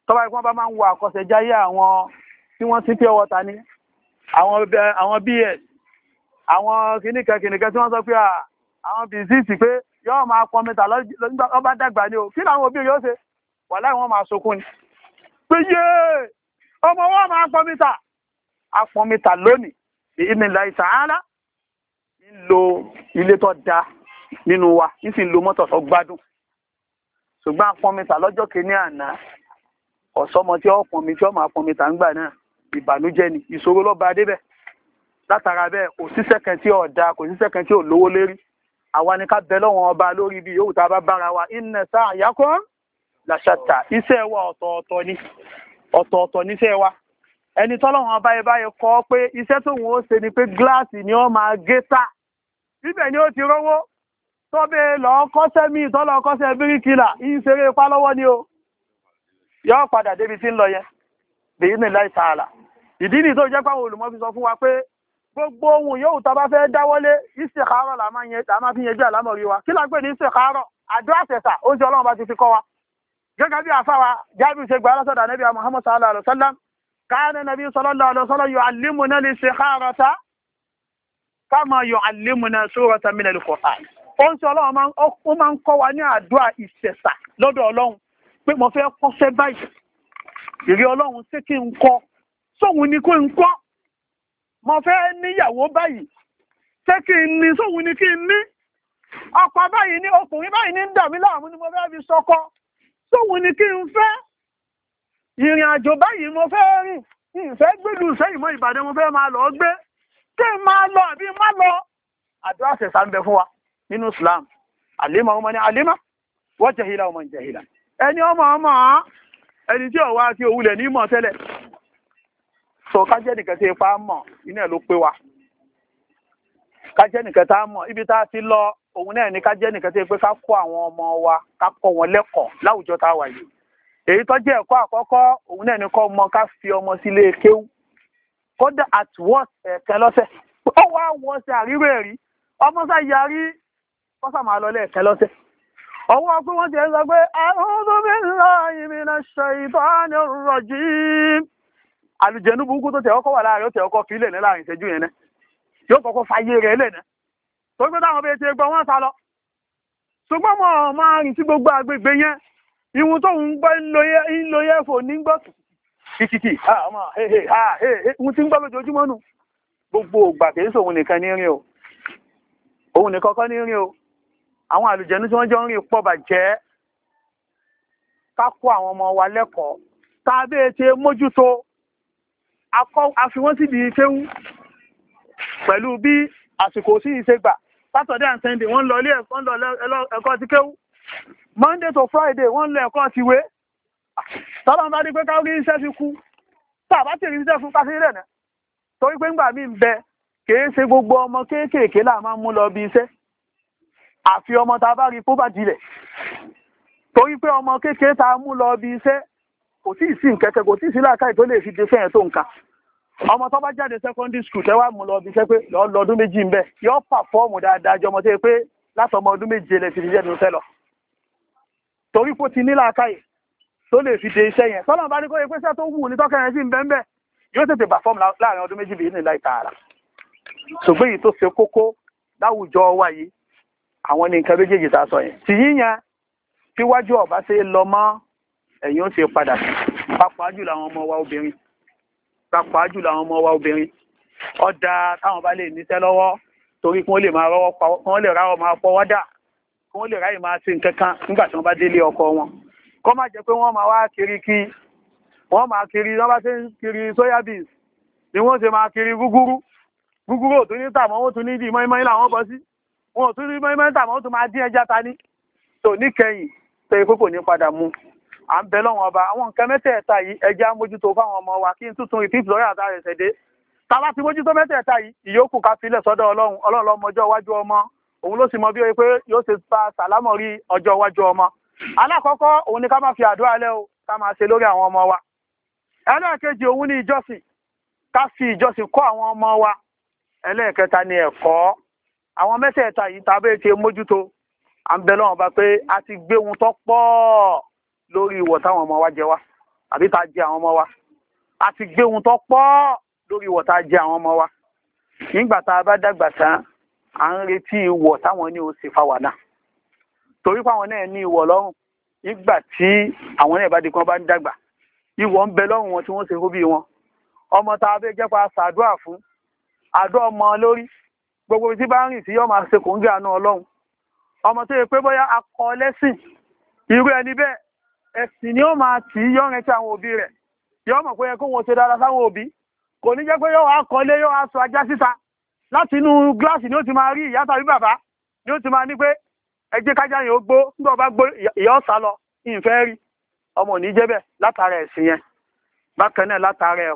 Speaker 1: tọ́ba ìpọ́n bá máa ń wo àkọsẹ̀jáyé àwọn tí wọ́n sí pure water ní àwọn bs àwọn kìnnìkan kìnnìkan tí wọ́n sọ pé àwọn bìsíìsì pé yóò máa pọn mẹ́ta lọ́ba dàgbà ni o kí làwọn òbí yóò ṣe wà láì wọ́n máa sọkún ni pé yéè ọmọ wọn máa pọn mẹ́ta apọn mẹ́ta lónìí èyí ni láì sàárà ń lo ilé tó da nínú wa ń sì lo mọ́tò tó gbádùn ṣùgbọ́n apọn mẹ́ta lọ́jọ́ kìíní àná ọ̀sọ́mọ tí ó pọnmi tí ó máa pọnmi tà ń gbà náà ìbànújẹ́ ni ìṣòro ló bá débẹ̀ látara bẹ́ẹ̀ kò síṣẹ́ kan tí ò da kò síṣẹ́ kan tí ò lówó lérí àwa ni ká bẹ lọ́wọ́n ọba lórí ibi yòówù tá a bá bára wa inna sa'yakum làṣàtà iṣẹ́ wa ọ̀tọ̀ọ̀tọ̀ ni ọ̀tọ̀ọ̀tọ̀ níṣẹ́ wa ẹni tọ́lọ́wọ́n ọba yẹn báyẹn kọ́ pé iṣẹ́ tóun ó ṣe ni pé gíláàsì ni ó máa gé tà bíbẹ̀ ni ó ti rówó tọ́bẹ̀ lọ́ọ́ kọ́sẹ́ míì tọ́lọ́ kọ́sẹ́ bíríkìlà ìṣeré ipá lọ́wọ́ ni o yọ́ padà débi tí ń lọ yẹn bèyí ní láì sàárà ìdí nìyí tó jẹ́ pé àwọn olùmọ̀ fi sọ fún wa pé gbogbo ohun yóò tá bá fẹ́ dáwọ́lé ìṣèkárọ̀ là máa fi yẹjú àlámọ̀rí wa kí la pè ní ìṣèkárọ̀ àdó àṣẹ̀ṣà ó ti ọlọ́run bá ti fi kọ́ wa gẹ́gẹ́ bí àfáwa jábì ṣe gbà lọ́sọ̀dà nẹ́bí Muhammad sallallahu alaihi wasallam káàní nàbí sallallahu alaihi wasallam yu'allimuna al-istikharata kama yu'allimuna suratan min al-Qur'an ó ń sọ ọlọ́run ó máa ń kọ́ wa ní àdúrà ìṣẹ̀ṣà lọ́dọ̀ ọlọ́run pé mo fẹ́ kọ́ṣẹ́ báyìí ìrí ọlọ́run ṣé kí n kọ́ sóhun ni kí n kọ́ mo fẹ́ níyàwó báyìí ṣé kí n ní sóhun ni kí n ní ọkọ báyìí ní ọkùnrin báyìí ní ń dà mí láàmú ni mo fẹ́ fi sọkọ sóhun ni kí n fẹ́ ìrìn àjò báyìí mo fẹ́ rìn ìfẹ́ gbèlú sẹ́yìn mọ́ ìbàdàn mo fẹ́ máa lọ gbé kí n máa lọ àbí má lọ àdúrà ṣẹ̀ṣà ń bẹ fún wa nínú Islam àlímà ọmọ ní àlímà wọ́n jẹ̀hìlá ọmọ ìjẹ̀hìlá ẹni ọmọ ọmọ ẹni tí ọwọ́ àti òwúlẹ̀ ní mọ̀ tẹ́lẹ̀ sọ kájẹ́ tí ipa mọ̀ iná ló pé wa Kaje tá mọ̀ ibi tá a lọ òun náà ni kájẹ́ tí pé ká àwọn ọmọ wa ká kọ́ wọn lẹ́kọ̀ọ́ láwùjọ tá wà yìí èyí tó jẹ́ ẹ̀kọ́ àkọ́kọ́ òun náà ni kọ́ fi ọmọ sílé kéwú kódà at worst ẹ̀kẹ́ lọ́sẹ̀ ó wá ọmọ sá yarí kọ́sà máa lọ lẹ́ẹ̀kẹ́ ọwọ́ pé wọ́n ti ń sọ pé a'udhu billahi minash shaitanir rajim àlùjẹ̀nú burúkú tó tẹ̀ọ́kọ́ wà láàrin ó tẹ̀ọ́kọ́ fi lẹ̀ ní láàrin ìṣẹ́jú yẹn náà yóò kọ́kọ́ fàyè rẹ̀ lẹ̀ náà tó gbé táwọn bẹ́ẹ̀ ti gbọ́ wọ́n sá lọ ṣùgbọ́n mọ̀ máa rìn sí gbogbo agbègbè yẹn ìwọ̀n tó ń gbọ́ ńlọ yẹ fò ní gbọ́ kìkìkì ìwọ̀n tí ń gbọ́ lójoojúmọ́ nù gbogbo ògbà kìí o òun nìkan àwọn àlùjẹ̀nú tí wọ́n jọ ń rí pọ̀ bàjẹ́ ká kó àwọn ọmọ wa lẹ́kọ̀ọ́ tá a bẹ́ẹ̀ ṣe mójútó a fi wọ́n síbi ìṣẹ́wú pẹ̀lú bí àsìkò sí ìṣe gbà sátọ̀dé and sunday wọ́n lọ ilé ẹ̀kọ́ ti kéwú monday to friday wọ́n lọ ẹ̀kọ́ ti wé tọ́lọ́n bá ní pé káwé iṣẹ́ fi kú tá a bá tèrè iṣẹ́ fún kásí rẹ̀ náà torí pé ńgbà mí ń bẹ kèé ṣe gbogbo ọmọ kéékèèké là máa mú lọ bí iṣẹ́ àfi ọmọ ta bá rí kó bá dilẹ̀ torí pé ọmọ kékeré ta mú lọ bí iṣẹ́ kò tí ì sí nkẹ́kẹ́ kò tí ì sí làákàyè tó lè fi de fẹ́yẹn tó nǹkan ọmọ tó bá jáde secondary school tẹ́wà mú lọ bí iṣẹ́ pé lọ́dún méjì ń bẹ̀ yọ pàfọ́ọ̀mù dáadáa jọmọ tó yẹ pé látọmọ ọdún méje lè fi jẹ́ nínú sẹ́lọ̀ torí pé ó ti ní làákàyè tó lè fi de iṣẹ́ yẹn tọ́lọ̀ bá ní kó yẹ pé iṣẹ́ tó wù ní tọ́kẹ́rẹ́ sí ń bẹ́ ń bẹ́ yóò tètè bà fọ́ọ̀mù láàrin ọdún méjì bìí nílá ìtààrà ṣùgbọ́n èyí tó ṣe kókó láwùjọ wa yìí àwọn ní nǹkan méjèèjì tá a sọ yẹn tí yíyan tíwájú ọ̀bá ṣe lọ mọ́ ẹ̀yìn ó ṣe padà pàápàá jùlọ àwọn ọmọ wa obìnrin pàápàá jùlọ àwọn ọmọ wa obìnrin ọ̀dà táwọn bá lè níṣẹ́ lọ́wọ́ torí kí wọ́n lè máa rọ́wọ́ pawọ́ kí wọ́n lè ráwọ́ máa pọ́wọ́ dà kí wọ́n lè ráyè máa ṣe nǹkan kan nígbà tí wọ́n bá délé ọkọ wọn kọ́ má jẹ́ pé wọ́n máa wá kiri kí wọ́n máa kiri wọ́n bá ṣe ń kiri soya beans ni wọ́n ṣe máa kiri gúgúrú gúgúrú ò tún ní tà mọ́ wọ́n tún ní ìdí mọ́ínmọ́ín làwọn bọ́ sí wọn ò tún rí mọ́ínmọ́ín tà wọ́n tún máa dín ẹja ta ní tò níkẹyìn tó yẹ pé kò ní padà mu à ń bẹ lọ́wọ́n ọba àwọn nǹkan mẹ́tẹ̀ẹ̀ta yìí ẹja mójútó fáwọn ọmọ wa kí n tuntun ìfíìsì lọ́rẹ́ àtà rẹ̀ ṣẹ̀dé tá a bá ti mójútó mẹ́tẹ̀ẹ̀ta yìí ìyókù ká filẹ̀ sọ́dọ̀ ọlọ́run ọlọ́run lọ́mọjọ́ iwájú ọmọ òun ló sì mọ bí ó yẹ pé yóò ṣe pa sàlámọ̀ rí ọjọ́ iwájú ọmọ alákọ̀ọ́kọ́ òun ni ká máa fi àdúrà lẹ́ o ká máa ṣe lórí àwọn ọmọ wa ẹlẹ́ẹ̀kejì òun ni ìjọsìn ká fi ìjọsìn kọ́ àwọn ọmọ wa ẹlẹ́ẹ̀kẹta ni ẹ̀kọ́ àwọn mẹ́sẹ̀ẹ̀ta yìí tá a bẹ́ẹ̀ ṣe mójútó à ń bẹ lọ́wọ́n bá pé a ti gbé ohun tó pọ̀ lórí ìwọ̀ táwọn ọmọ wa jẹ wá àbí tá a jẹ àwọn ọmọ wa a ti gbé ohun tó pọ̀ lórí ìwọ̀ tá a jẹ àwọn ọmọ wa nígbà tá a bá dàgbà tán à ń retí ìwọ̀ táwọn ní o sì torí pé àwọn náà ní ìwọ̀ lọ́rùn nígbà tí àwọn náà bá di kan bá ń dàgbà ìwọ̀ ń bẹ lọ́rùn wọn tí wọ́n ṣe kó bí wọn ọmọ tá a fẹ́ jẹ́pà ṣàdúrà fún àdó ọmọ lórí gbogbo tí bá ń rìn tí yọ máa ṣe kò ń gé àánú ọlọ́run ọmọ tó yẹ pé bóyá akọ lẹ́sìn irú ẹni bẹ́ẹ̀ ẹ̀sìn ni ó máa tì í yọ̀rìn tí àwọn òbí rẹ̀ yóò mọ̀ pé kó wọn ṣe dára sáwọn òbí kò ní jẹ́ pé yóò wá kọ́lé ajá ni ó ti máa rí ìyá tàbí bàbá ni ó ti máa ní pé ẹ jẹ́ yẹn ó gbó nígbà bá gbó ìyá ọ̀sà lọ ọmọ jẹ́ bẹ́ẹ̀ látara ẹ̀sìn yẹn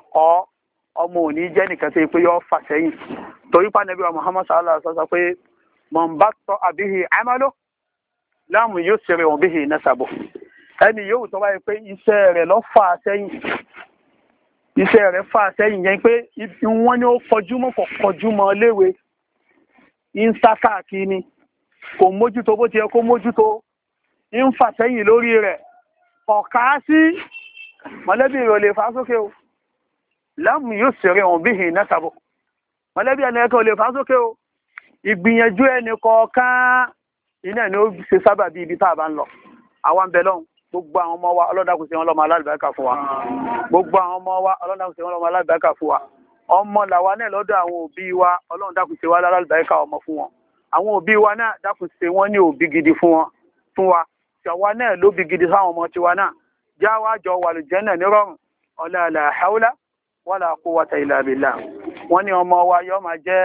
Speaker 1: ọmọ jẹ́ nìkan tó yẹ torí pa nàbí wa muhammad sallallahu alaihi wa sallam pé mọ̀nbátọ́ àbíhì amalo láàmú yóò ṣeré wọn bíhì nasabu ẹni yóò tọ́ báyìí pé iṣẹ́ rẹ̀ lọ fà sẹ́yìn iṣẹ́ rẹ̀ fà sẹ́yìn yẹn pé wọ́n ní ó kọjú mọ́ kọ̀ kọjú mọ́ léwe ń sá káàkiri ni kò mójútó bó ti yẹ kó mójútó ń fà sẹ́yìn lórí rẹ̀ ọ̀ká sí mọ̀lẹ́bí rẹ̀ fà sókè o láàmú yóò ṣeré wọn bíhì nasabu mọ̀lẹ́bí ẹni ẹ̀kan ò lè fà sókè o ìgbìyànjú ẹni kọ̀ọ̀kan iná ni ó ṣe sábà bí ibi tá a bá ń lọ àwa ń bẹ lọ́hùn gbogbo àwọn ọmọ wa ọlọ́dàkùn sí wọn lọ́mọ alábàákà fún wa gbogbo àwọn ọmọ wa ọlọ́dàkùn sí wọn lọ́mọ alábàákà fún wa ọmọ làwa náà lọ́dọ̀ àwọn òbí wa ọlọ́run dákun ṣe wá ọmọ fún wọn àwọn òbí wa náà dákun ṣe wọ́n ní òbí gidi fún wọn fún wa ṣàwa náà ló bí gidi fáwọn ọmọ tiwa náà já wa jọ wàlùjẹ́ náà nírọ̀rùn ọ̀làlà haúlá wàlà quwwata illa wọ́n ní ọmọ wa yọ́ máa jẹ́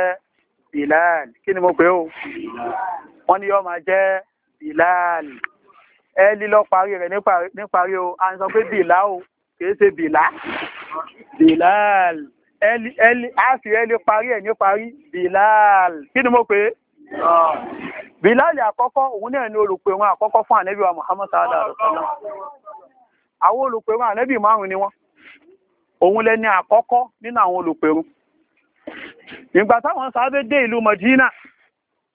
Speaker 1: Bilal kí ni mo pè ó wọ́n ní yọ́ máa jẹ́ Bilal ẹ lílọ́ parí rẹ̀ níparí o a ń sọ pé bìlá o kìí ṣe bìlá Bilal a sì ẹ lè parí ẹ̀ níparí Bilal kí ni mo pè é Bilal àkọ́kọ́ òun náà ni olùpẹ̀wọ̀n àkọ́kọ́ fún ànẹ́bí wa Muhammad sallallahu alaihi wasallam àwọn olùpẹ̀wọ̀n ànẹ́bí márùn-ún ni wọ́n òun lẹni àkọ́kọ́ nínú àwọn olùpẹ̀rún ìgbà táwọn sábẹ́ dé ìlú Madina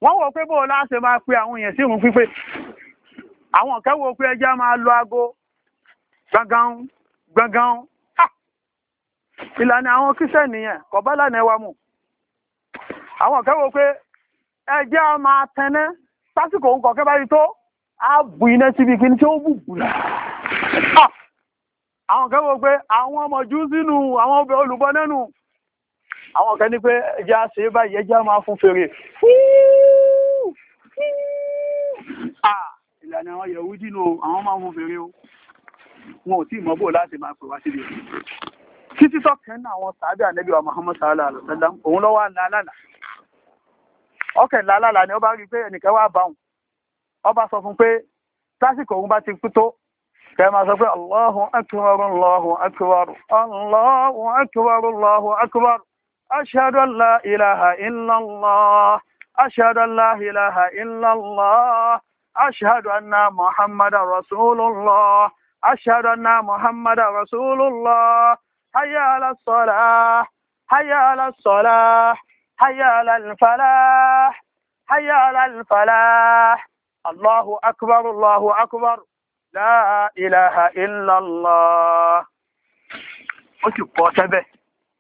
Speaker 1: wọ́n wò pé bóòlá ṣe máa pe àwọn èèyàn sí ìrun pípé àwọn kẹwò pé ẹjá máa lọ ago gbọ̀ngàn gbọ̀ngàn ìlànà àwọn kíṣẹ́ nìyẹn kọ̀bálà nẹwà mù àwọn kẹwò pé ẹjá máa tẹnẹ́ sásìkò òun kọ̀kẹ́ bá rí tó á bù iná síbi kí ní tí ó bù bùrà àwọn kẹwò pé àwọn ọmọ jù sínú àwọn olùbọ àwọn kan ní pé ẹja ṣe báyìí ẹja máa fún fèrè ìlànà àwọn yẹ̀wú dínú àwọn máa fún fèrè o wọn ò tí ì mọ́bò láti máa pè wá síbi títí tọ́kẹ́ ní àwọn sàádà nẹ́bí wa Muhammad sallallahu alaihi wasallam òun lọ́wọ́ lálàlà ọkẹ̀ lálàlà ni ó bá rí pé ẹnìkan wá bá òun ó bá sọ fún pé tásìkò òun bá ti kú tó kẹ máa sọ pé Allahu akbar Allahu akbar Allahu akbar Allahu akbar أشهد أن لا إله إلا الله أشهد أن لا إله إلا الله أشهد أن محمد رسول الله أشهد أن محمد رسول الله حي على الصلاة حي على الصلاة حي على الفلاح حي على الفلاح الله أكبر الله أكبر لا إله إلا الله ó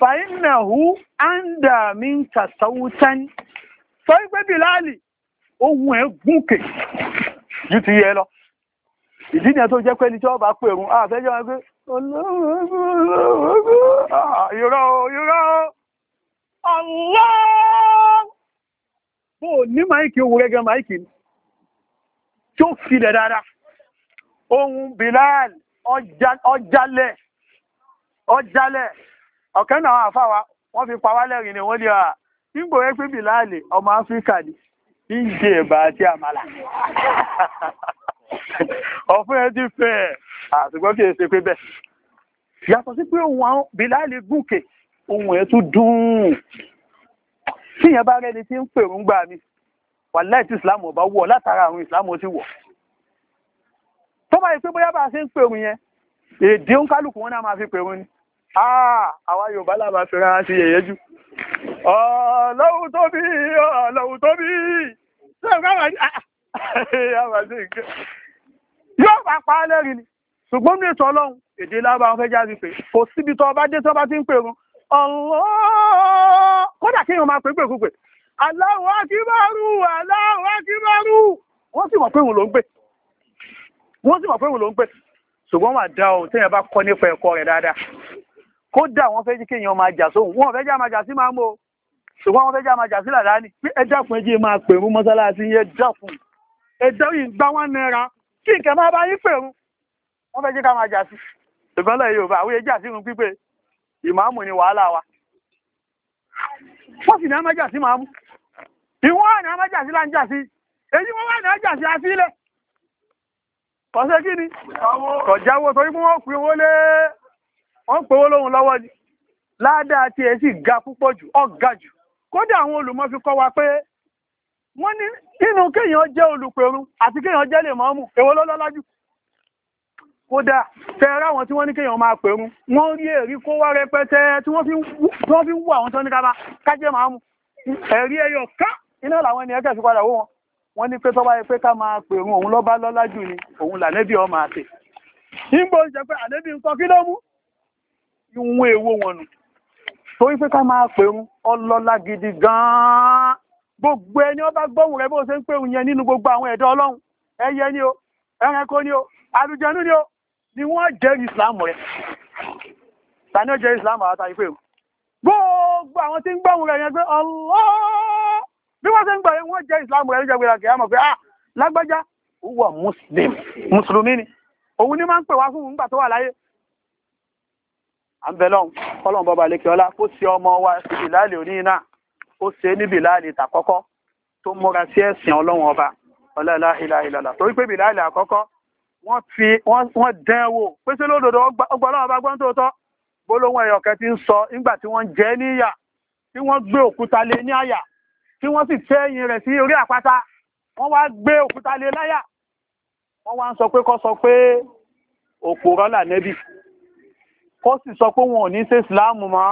Speaker 1: fàínàhù áńdà mi ń tàṣàwùtán sọ pé bíláàlì ohun ẹ̀ gúnkè ju ti yẹ lọ ìdí ni ẹ tó jẹ́ pé ní tí wọ́n bá pè rún àfẹ́jọ́ wọn pé ìrọ̀ ìrọ̀ ọ̀lá bó ní máìkì ohun gẹ́gẹ́ máìkì tí ó filẹ̀ dáadáa ohun bíláàlì ọjálẹ̀ ọjálẹ̀ ọ̀kẹ́ náà àfáwa wọ́n fi pa wálẹ̀ rìn wọ́n lè à nígbò rẹ̀ pé bìláàlì ọmọ áfíríkà ni ní ìṣe ẹ̀bà àti àmàlà ọ̀fún ẹ fẹ́ àtùgbọ́n kì ṣe pé bẹ́ẹ̀ yàtọ̀ sí pé wọn bìláàlì gùnkè ohun ẹ̀ tún dùn tí ìyẹn bá rẹni tí ń pèrú ń gbà mí wàláì tí ìsìlámù ọba wọ̀ látara àwọn ìsìlámù ti wọ̀ tó bá yẹ pé bóyá bá a ṣe ń pèrú yẹn èdè ń kálukú wọn náà máa fi pèrú ni Ah, àwa yorùbá làbà fi rárá sí yẹ̀yẹ́ jù ọlọ́run tó bí ọlọ́run tó bí ah, ah, yóò bá pa á lẹ́rìn ni ṣùgbọ́n ní ètò ọlọ́run èdè lábàá wọn fẹ́ jáde pé kò síbi tó ọba dé tó bá ti ń pè wọn kódà kí èèyàn máa pè pèkúpè Allahu akíbárù Allahu akíbárù wọ́n sì mọ̀ pé òun ló ń pè wọ́n sì mọ̀ pé òun ló ń pè ṣùgbọ́n wà dá ohun téèyàn bá kọ́ nípa ẹ̀kọ́ rẹ̀ dáadáa kódà wọ́n fẹ́ jí kéèyàn máa jà sóhun wọ́n fẹ́ jà máa jà sí máa mú o ṣùgbọ́n wọ́n fẹ́ jà máa jà sí làdá ni pé ẹjá fún ẹjí máa pèrú mọ́sálásí ẹjá fún ẹjá yìí gbá wọn náírà kí nǹkan máa bá yín pèrú wọ́n fẹ́ jí ká máa jà sí ìpínlẹ̀ Yorùbá àwọn ẹjá sínú pípé ìmáàmù ni wàhálà wa wọ́n sì ní àmájà sí máàmù ìwọ́n àná àmájà sí láǹjà sí èyí wọ́n wà ní àjà sí asílẹ̀ kọ̀ṣẹ́ kí ni kọ̀jáwó torí pé wọ́n pín owó lé wọ́n ń powó lóhun lọ́wọ́ ni ládàá tí ẹ sì ga púpọ̀ jù ọ̀gá jù kódà àwọn olùmọ̀ fi kọ́ wa pé wọ́n ní nínú kéèyàn jẹ́ olùpẹ̀rún àti kéèyàn jẹ́ lè mọ́mù èwo ló lọ́lá jù kódà tẹ́ẹ̀rẹ́ àwọn tí wọ́n ní kéèyàn máa pẹ̀rún wọ́n rí èrí kó wá rẹpẹtẹ tí wọ́n fi ń wú àwọn tó ní kábá kájẹ́ mọ́mù ẹ̀rí ẹyọ ká iná làwọn ènìyàn kẹ̀sí padà wó wọn wọ́n ní pé tọ́ba yẹ pé ká máa pẹ̀rún òun lọ́ba lọ́lá jù ni òun lànẹ́bí ọ máa tẹ̀ nígbò ń jẹ pé ànẹ́bí ń kọ kí ló mú ìwọ̀n èwo wọn nù torí pé ká máa pèrún ọlọ́lá gidi gan-an gbogbo ẹni ọba gbóhùn rẹ bó ṣe ń pèrún yẹn nínú gbogbo àwọn ẹ̀dọ́ ọlọ́run ẹyẹ ni o ẹranko ni o àlùjànnú ni o ni wọ́n jẹ́rìí ìsìláàmù rẹ tani ó jẹ́rìí ìsìláàmù àwọn àtàrí pèrún gbogbo àwọn tí ń gbóhùn rẹ yẹn pé Allah bí wọ́n ṣe ń gbọ́ yẹn wọ́n jẹ́rìí ìsìláàmù rẹ níjọba ìlàkẹ́ àmọ̀ pé ah lágbájá ó wà mùsùlùmí ni òun ni máa ń pè wá fún ìgbà tó wà láyé à ń bẹ lọ́hùn kọ́lọ́hùn bọ́ba lékè ọlá kó ṣe ọmọ wa bìláàlì òní náà ó ṣe ní bìláàlì tàkọ́kọ́ tó múra sí ẹ̀sìn ọlọ́run ọba ọlọ́ọ̀lá ìlàlá torí pé bìláàlì àkọ́kọ́ wọ́n fi wọ́n dán wò pé sí lódodo ọgbà ọlọ́run ọba gbọ́n tòótọ́ gbólóhùn ẹ̀yọ̀kẹ́ ti ń sọ nígbà tí wọ́n jẹ níyà tí wọ́n gbé òkúta lé ní àyà tí wọ́n sì tẹ́ ẹ̀yìn rẹ̀ sí orí àpáta wọ́n wá gbé òkúta lé láyà wọ́n wá ń sọ pé kó sọ pé òpòrọ́ là nẹ́bì ó sì sọ pé wọn ò ní ṣe ìsìláàmù mọ́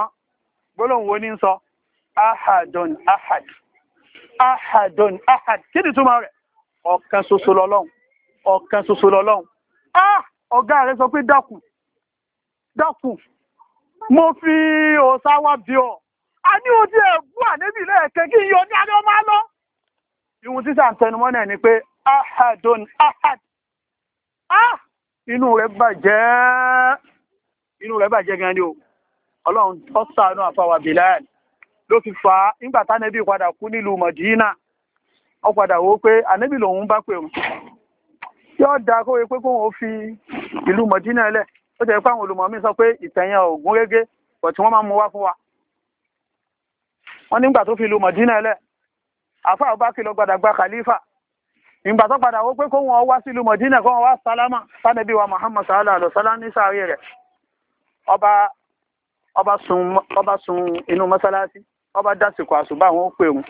Speaker 1: gbólóhùn wo ní sọ ahadun ahad ahadun ahad kí ni túmọ̀ rẹ̀ ọ̀kan ṣoṣo lọ́lọ́hun ọ̀kan ṣoṣo lọ́lọ́hun ah ọ̀gá rẹ̀ sọ pé dákun dákun mo fi òòṣà wá bí ọ a ní ojú ẹ̀bú ànébì lẹ́ẹ̀kẹ́ kí n yọ ní adé máa lọ ìhun tí sà ń tẹnumọ́ náà ni pé ahadun ahad ah inú rẹ̀ bàjẹ́ inú rẹ̀ bàjẹ́ gan ni o ọlọ́run tó sàánú àfàwà Bilal ló fi fa á tánẹ́bí padà kú nílùú Mọ̀dínà ó padà wò pé ànẹ́bí lòun bá pè òun yóò da kó wípé kóun ó fi ìlú Mọ̀dínà ẹlẹ̀ ó jẹ́ pé àwọn olùmọ̀mí sọ pé ìtẹ̀yìn tí wọ́n máa wá fún wa wọ́n nígbà tó fi ìlú Mọ̀dínà gba khalifa ìgbà tó padà wó pé wá sí ìlú ọba ọba sun ọba sun inú mọ́sálásí ọba dásìkò àṣùbà wọn ó pè òun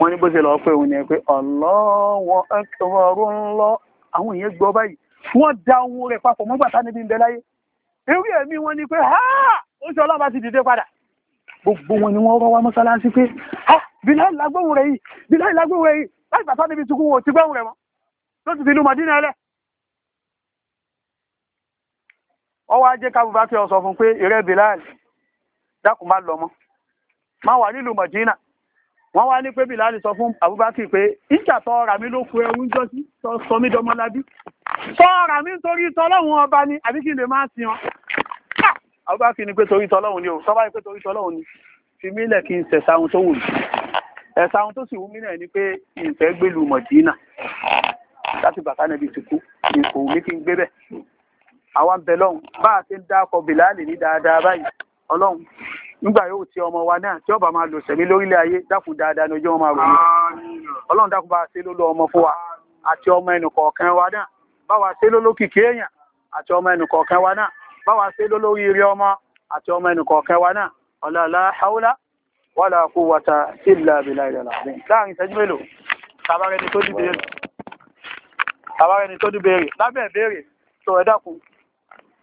Speaker 1: wọn ní bó ṣe lọ pé òun ni pé ọlọ́wọ́ ọrọ̀ ńlọ àwọn èèyàn gbọ́ báyìí wọ́n da ohun rẹ̀ papọ̀ mọ́gbà tánibí ń bẹ láyé eré ẹ̀mí wọn ni pé ha ó ṣe ọlọ́ba ti dìde padà gbogbo wọn ni wọ́n rọ́ wá mọ́sálásí pé ha bíláì lágbóhùn rẹ̀ yìí bíláì lágbóhùn rẹ̀ yìí láì bàtánibí tukú wọn ò ti gbóhùn rẹ̀ mọ́ ọwọ́ ajé kábùbákẹ́ ọ̀sọ̀ fún pé ìrẹ́ Bilal dákun má lọ mọ́ má wà nílùú Mọ̀dínà wọ́n wá ní pé Bilal sọ fún Abubakar pé ìjà tọ́ ọ̀rà mi ló fún ẹrú jọ sí sọ mí dọmọlábí tọ́ ọ̀rà mi nítorí tọ́lọ́hun ọba ni àbí kí n lè máa sin ọ Abubakar ni pé torí tọ́lọ́hun ni o àwa ń bẹ lọ́hùn bá a ti ń dákọ bìláàlì ní dáadáa báyìí ọlọ́hun nígbà yóò ti ọmọ wa náà tí ọba máa lò sẹ̀mí lórílẹ̀ ayé dákun dáadáa ní ojú wọn máa ròyìn ọlọ́run dákun bá a ṣe lólo ọmọ fún wa àti ọmọ ẹnì kọ̀ọ̀kan wa náà bá wa ṣe lólókìkí èèyàn àti ọmọ ẹnì kọ̀ọ̀kan wa náà bá wa ṣe lólórí ire ọmọ àti ọmọ ẹnì kọ̀ọ̀kan wa náà ọ̀là aláhàúlá wàlà kú wata ìlà àbìlà ìlàlà láàrin ìṣẹ́jú mélòó lábẹ́ ìbéèrè tó ẹ